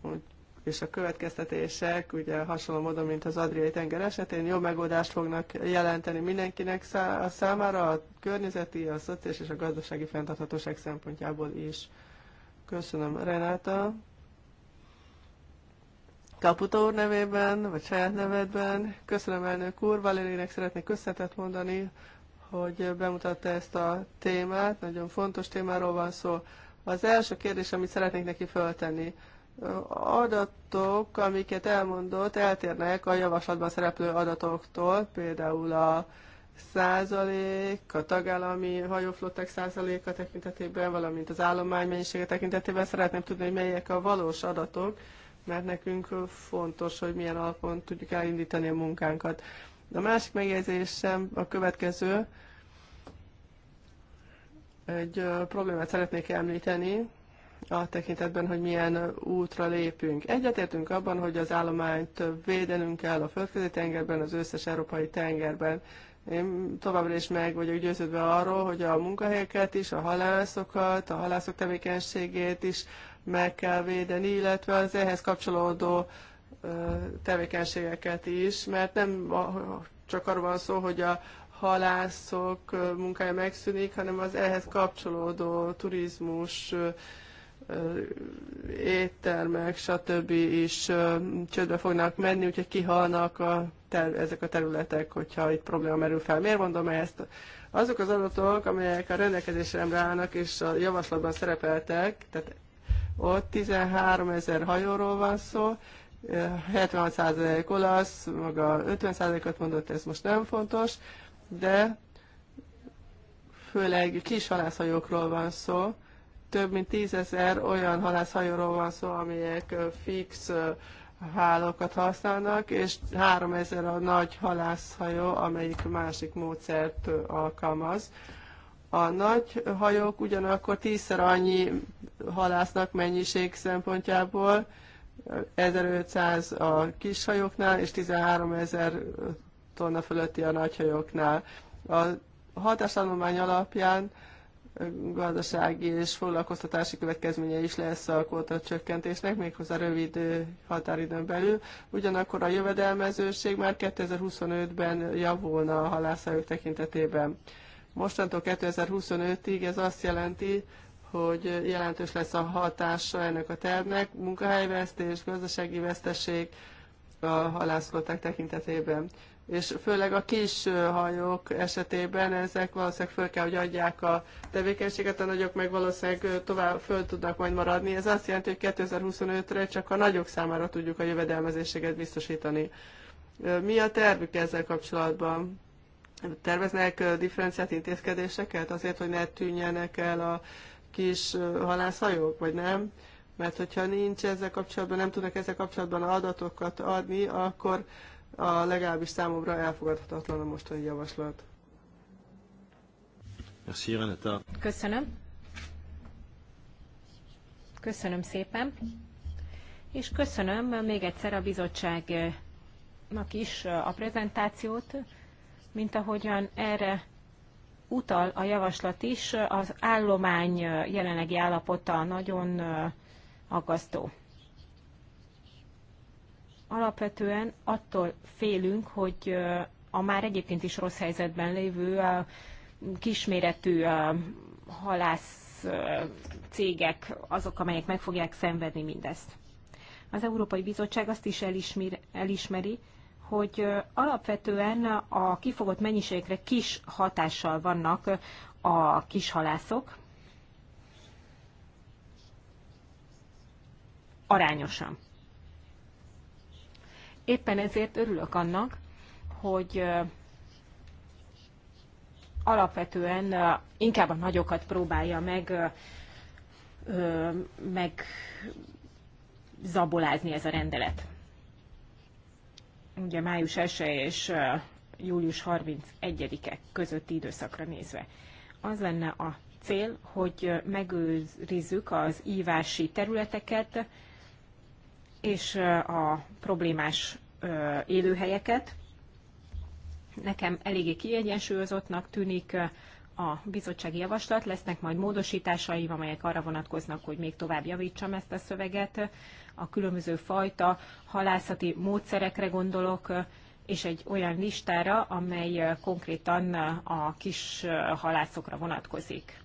Úgy és a következtetések ugye hasonló módon, mint az Adriai tenger esetén jó megoldást fognak jelenteni mindenkinek szá- a számára, a környezeti, a szociális és a gazdasági fenntarthatóság szempontjából is. Köszönöm Renáta. Kaputa úr nevében, vagy saját nevedben. Köszönöm elnök úr, Valérinek szeretnék köszönetet mondani, hogy bemutatta ezt a témát, nagyon fontos témáról van szó. Az első kérdés, amit szeretnék neki föltenni, adatok, amiket elmondott, eltérnek a javaslatban szereplő adatoktól, például a százalék, a tagállami hajóflottek százaléka tekintetében, valamint az állomány mennyisége tekintetében szeretném tudni, hogy melyek a valós adatok, mert nekünk fontos, hogy milyen alapon tudjuk elindítani a munkánkat. A másik megjegyzésem a következő. Egy problémát szeretnék említeni, a tekintetben, hogy milyen útra lépünk. Egyetértünk abban, hogy az állományt védenünk kell a földközi tengerben, az összes európai tengerben. Én továbbra is meg vagyok győződve arról, hogy a munkahelyeket is, a halászokat, a halászok tevékenységét is meg kell védeni, illetve az ehhez kapcsolódó tevékenységeket is, mert nem csak arról van szó, hogy a halászok munkája megszűnik, hanem az ehhez kapcsolódó turizmus éttermek, stb. is csődbe fognak menni, úgyhogy kihalnak a ter- ezek a területek, hogyha itt probléma merül fel. Miért mondom ezt? Azok az adatok, amelyek a rendelkezésemre állnak és a javaslatban szerepeltek, tehát ott 13 ezer hajóról van szó, 76% olasz, maga 50%-ot mondott, ez most nem fontos, de főleg kis halászhajókról van szó, több mint tízezer olyan halászhajóról van szó, amelyek fix hálókat használnak, és 3000 a nagy halászhajó, amelyik másik módszert alkalmaz. A nagy hajók ugyanakkor tízszer annyi halásznak mennyiség szempontjából, 1500 a kis hajóknál, és 13000 tonna fölötti a nagy hajóknál. A hatásanulmány alapján gazdasági és foglalkoztatási következménye is lesz a kóta csökkentésnek, méghozzá rövid határidőn belül. Ugyanakkor a jövedelmezőség már 2025-ben javulna a halászájuk tekintetében. Mostantól 2025-ig ez azt jelenti, hogy jelentős lesz a hatása ennek a tervnek, munkahelyvesztés, gazdasági veszteség a halászkoták tekintetében és főleg a kis hajók esetében ezek valószínűleg föl kell, hogy adják a tevékenységet, a nagyok meg valószínűleg tovább föl tudnak majd maradni. Ez azt jelenti, hogy 2025-re csak a nagyok számára tudjuk a jövedelmezéséget biztosítani. Mi a tervük ezzel kapcsolatban? Terveznek differenciált intézkedéseket azért, hogy ne tűnjenek el a kis halászhajók, vagy nem? Mert hogyha nincs ezzel kapcsolatban, nem tudnak ezzel kapcsolatban adatokat adni, akkor a legalábbis számomra elfogadhatatlan a mostani javaslat. Köszönöm. Köszönöm szépen. És köszönöm még egyszer a bizottságnak is a prezentációt, mint ahogyan erre utal a javaslat is, az állomány jelenlegi állapota nagyon aggasztó alapvetően attól félünk, hogy a már egyébként is rossz helyzetben lévő a kisméretű a halász cégek azok, amelyek meg fogják szenvedni mindezt. Az Európai Bizottság azt is elismeri, elismeri hogy alapvetően a kifogott mennyiségekre kis hatással vannak a kishalászok, arányosan. Éppen ezért örülök annak, hogy alapvetően inkább a nagyokat próbálja meg, meg zabolázni ez a rendelet. Ugye május 1 és július 31-e közötti időszakra nézve. Az lenne a cél, hogy megőrizzük az ívási területeket, és a problémás élőhelyeket. Nekem eléggé kiegyensúlyozottnak tűnik a bizottsági javaslat, lesznek majd módosításaim, amelyek arra vonatkoznak, hogy még tovább javítsam ezt a szöveget. A különböző fajta halászati módszerekre gondolok, és egy olyan listára, amely konkrétan a kis halászokra vonatkozik.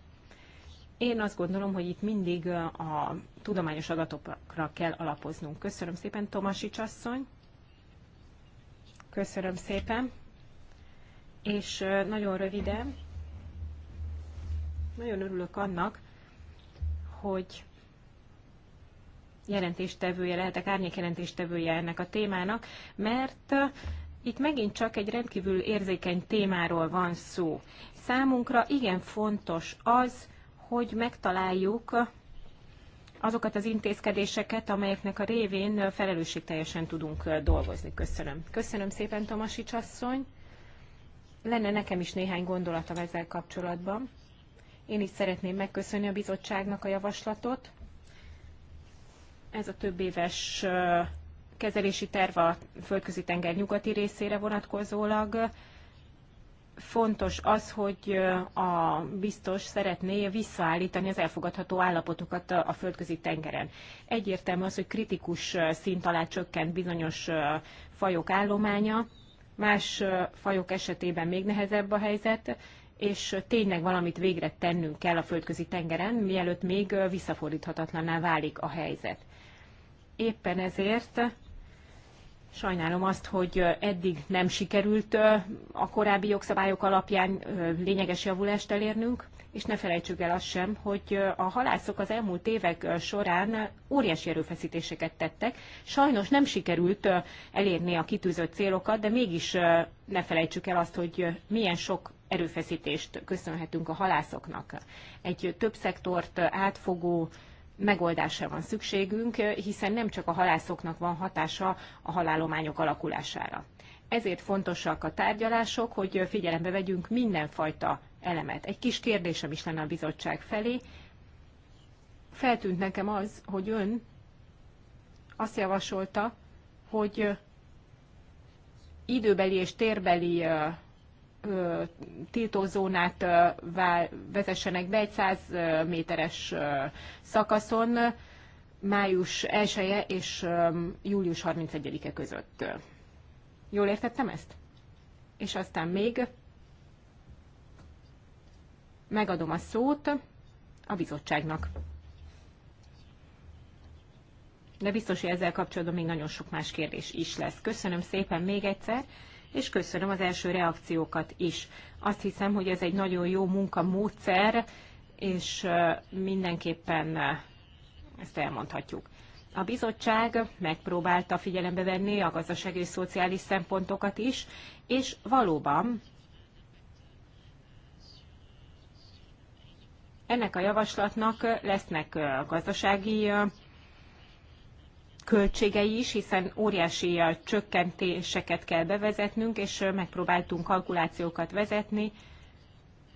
Én azt gondolom, hogy itt mindig a tudományos adatokra kell alapoznunk. Köszönöm szépen, Tomasics asszony. Köszönöm szépen. És nagyon röviden, nagyon örülök annak, hogy jelentéstevője, lehetek árnyék jelentéstevője ennek a témának, mert itt megint csak egy rendkívül érzékeny témáról van szó. Számunkra igen fontos az, hogy megtaláljuk azokat az intézkedéseket, amelyeknek a révén felelősségteljesen tudunk dolgozni. Köszönöm. Köszönöm szépen, Tomasi asszony. Lenne nekem is néhány gondolatom ezzel kapcsolatban. Én is szeretném megköszönni a bizottságnak a javaslatot. Ez a több éves kezelési terv a földközi tenger nyugati részére vonatkozólag fontos az, hogy a biztos szeretné visszaállítani az elfogadható állapotokat a földközi tengeren. Egyértelmű az, hogy kritikus szint alá csökkent bizonyos fajok állománya, más fajok esetében még nehezebb a helyzet, és tényleg valamit végre tennünk kell a földközi tengeren, mielőtt még visszafordíthatatlaná válik a helyzet. Éppen ezért Sajnálom azt, hogy eddig nem sikerült a korábbi jogszabályok alapján lényeges javulást elérnünk, és ne felejtsük el azt sem, hogy a halászok az elmúlt évek során óriási erőfeszítéseket tettek. Sajnos nem sikerült elérni a kitűzött célokat, de mégis ne felejtsük el azt, hogy milyen sok erőfeszítést köszönhetünk a halászoknak. Egy több szektort átfogó megoldásra van szükségünk, hiszen nem csak a halászoknak van hatása a halálományok alakulására. Ezért fontosak a tárgyalások, hogy figyelembe vegyünk mindenfajta elemet. Egy kis kérdésem is lenne a bizottság felé. Feltűnt nekem az, hogy ön azt javasolta, hogy időbeli és térbeli tiltózónát vezessenek be egy 100 méteres szakaszon május 1 -e és július 31-e között. Jól értettem ezt? És aztán még megadom a szót a bizottságnak. De biztos, hogy ezzel kapcsolatban még nagyon sok más kérdés is lesz. Köszönöm szépen még egyszer és köszönöm az első reakciókat is. Azt hiszem, hogy ez egy nagyon jó munkamódszer, és mindenképpen ezt elmondhatjuk. A bizottság megpróbálta figyelembe venni a gazdasági és szociális szempontokat is, és valóban ennek a javaslatnak lesznek gazdasági költségei is, hiszen óriási a csökkentéseket kell bevezetnünk, és megpróbáltunk kalkulációkat vezetni.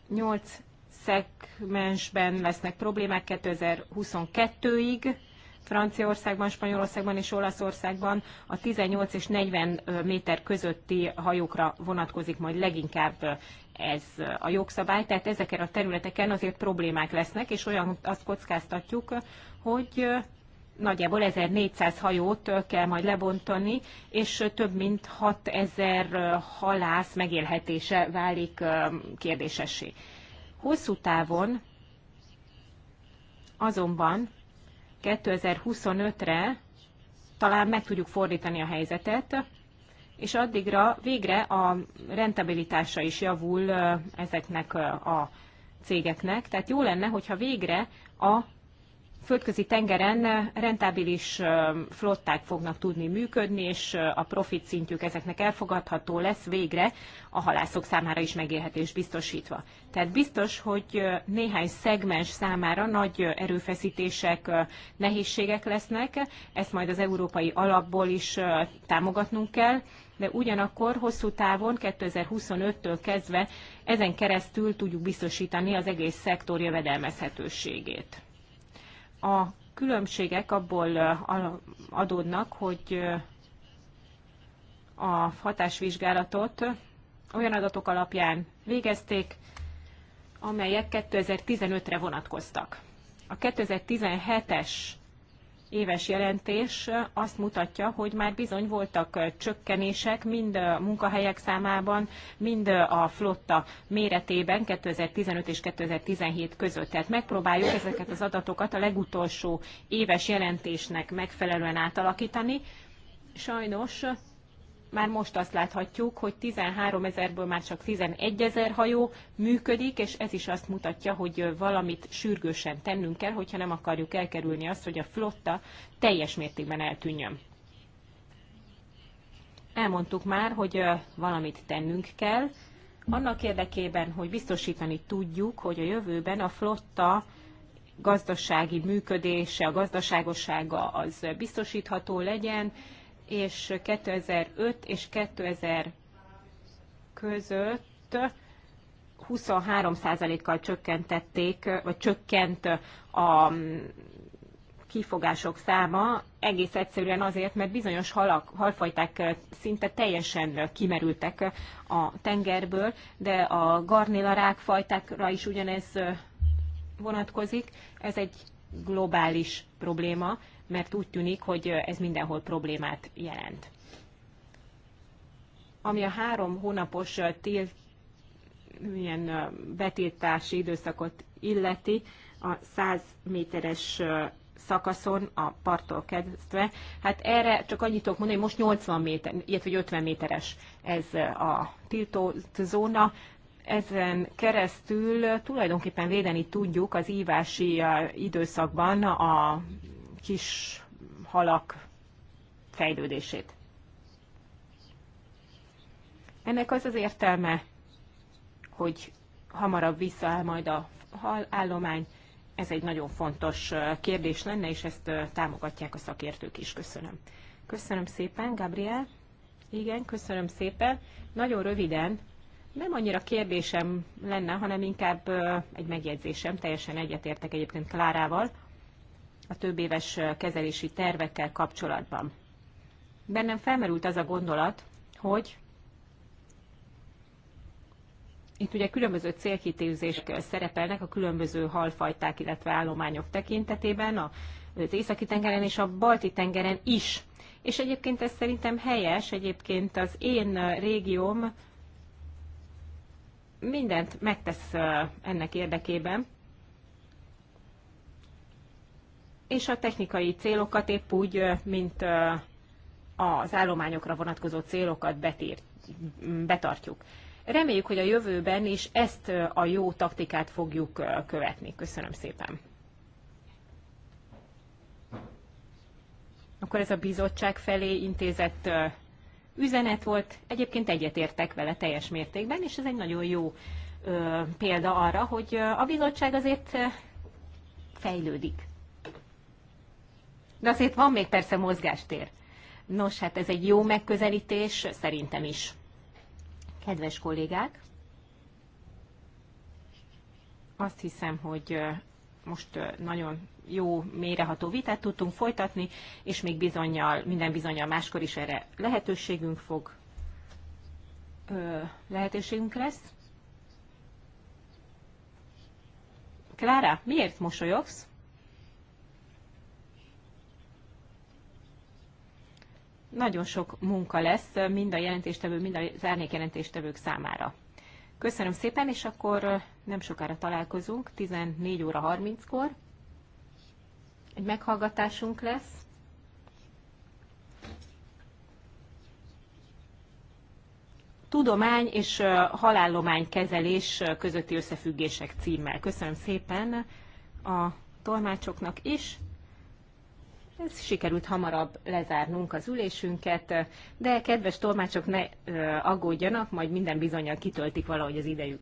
8 szegmensben lesznek problémák 2022-ig, Franciaországban, Spanyolországban és Olaszországban a 18 és 40 méter közötti hajókra vonatkozik majd leginkább ez a jogszabály, tehát ezeken a területeken azért problémák lesznek, és olyan azt kockáztatjuk, hogy nagyjából 1400 hajót kell majd lebontani, és több mint 6000 halász megélhetése válik kérdésessé. Hosszú távon azonban 2025-re talán meg tudjuk fordítani a helyzetet, és addigra végre a rentabilitása is javul ezeknek a cégeknek. Tehát jó lenne, hogyha végre a földközi tengeren rentábilis flották fognak tudni működni, és a profit szintjük ezeknek elfogadható lesz végre a halászok számára is megélhetés biztosítva. Tehát biztos, hogy néhány szegmens számára nagy erőfeszítések, nehézségek lesznek, ezt majd az európai alapból is támogatnunk kell, de ugyanakkor hosszú távon 2025-től kezdve ezen keresztül tudjuk biztosítani az egész szektor jövedelmezhetőségét. A különbségek abból adódnak, hogy a hatásvizsgálatot olyan adatok alapján végezték, amelyek 2015-re vonatkoztak. A 2017-es éves jelentés azt mutatja, hogy már bizony voltak csökkenések mind a munkahelyek számában, mind a flotta méretében 2015 és 2017 között. Tehát megpróbáljuk ezeket az adatokat a legutolsó éves jelentésnek megfelelően átalakítani. Sajnos már most azt láthatjuk, hogy 13 ezerből már csak 11 ezer hajó működik, és ez is azt mutatja, hogy valamit sürgősen tennünk kell, hogyha nem akarjuk elkerülni azt, hogy a flotta teljes mértékben eltűnjön. Elmondtuk már, hogy valamit tennünk kell, annak érdekében, hogy biztosítani tudjuk, hogy a jövőben a flotta gazdasági működése, a gazdaságossága az biztosítható legyen, és 2005 és 2000 között 23%-kal csökkentették, vagy csökkent a kifogások száma, egész egyszerűen azért, mert bizonyos halak, halfajták szinte teljesen kimerültek a tengerből, de a garnéla rákfajtákra is ugyanez vonatkozik. Ez egy globális probléma, mert úgy tűnik, hogy ez mindenhol problémát jelent. Ami a három hónapos tél, ilyen betiltási időszakot illeti, a 100 méteres szakaszon a parttól kezdve. Hát erre csak annyit tudok mondani, hogy most 80 méter, illetve 50 méteres ez a tiltózóna. Ezen keresztül tulajdonképpen védeni tudjuk az ívási időszakban a kis halak fejlődését. Ennek az az értelme, hogy hamarabb visszaáll majd a hal állomány. Ez egy nagyon fontos kérdés lenne, és ezt támogatják a szakértők is. Köszönöm. Köszönöm szépen, Gabriel. Igen, köszönöm szépen. Nagyon röviden, nem annyira kérdésem lenne, hanem inkább egy megjegyzésem. Teljesen egyetértek egyébként Klárával a több éves kezelési tervekkel kapcsolatban. Bennem felmerült az a gondolat, hogy itt ugye különböző célkitűzések szerepelnek a különböző halfajták, illetve állományok tekintetében, az északi tengeren és a balti tengeren is. És egyébként ez szerintem helyes, egyébként az én régióm mindent megtesz ennek érdekében, és a technikai célokat épp úgy, mint az állományokra vonatkozó célokat betír, betartjuk. Reméljük, hogy a jövőben is ezt a jó taktikát fogjuk követni. Köszönöm szépen. Akkor ez a bizottság felé intézett üzenet volt. Egyébként egyetértek vele teljes mértékben, és ez egy nagyon jó példa arra, hogy a bizottság azért fejlődik. De azért van még persze mozgástér. Nos, hát ez egy jó megközelítés, szerintem is. Kedves kollégák, azt hiszem, hogy most nagyon jó, méreható vitát tudtunk folytatni, és még bizonyal, minden bizonyal máskor is erre lehetőségünk fog, lehetőségünk lesz. Klára, miért mosolyogsz? Nagyon sok munka lesz mind a jelentéstevő, mind az jelentéstevők számára. Köszönöm szépen, és akkor nem sokára találkozunk, 14 óra 30-kor. Egy meghallgatásunk lesz. Tudomány és halállomány kezelés közötti összefüggések címmel. Köszönöm szépen a tolmácsoknak is. Ez sikerült hamarabb lezárnunk az ülésünket, de kedves tolmácsok ne aggódjanak, majd minden bizonyal kitöltik valahogy az idejük.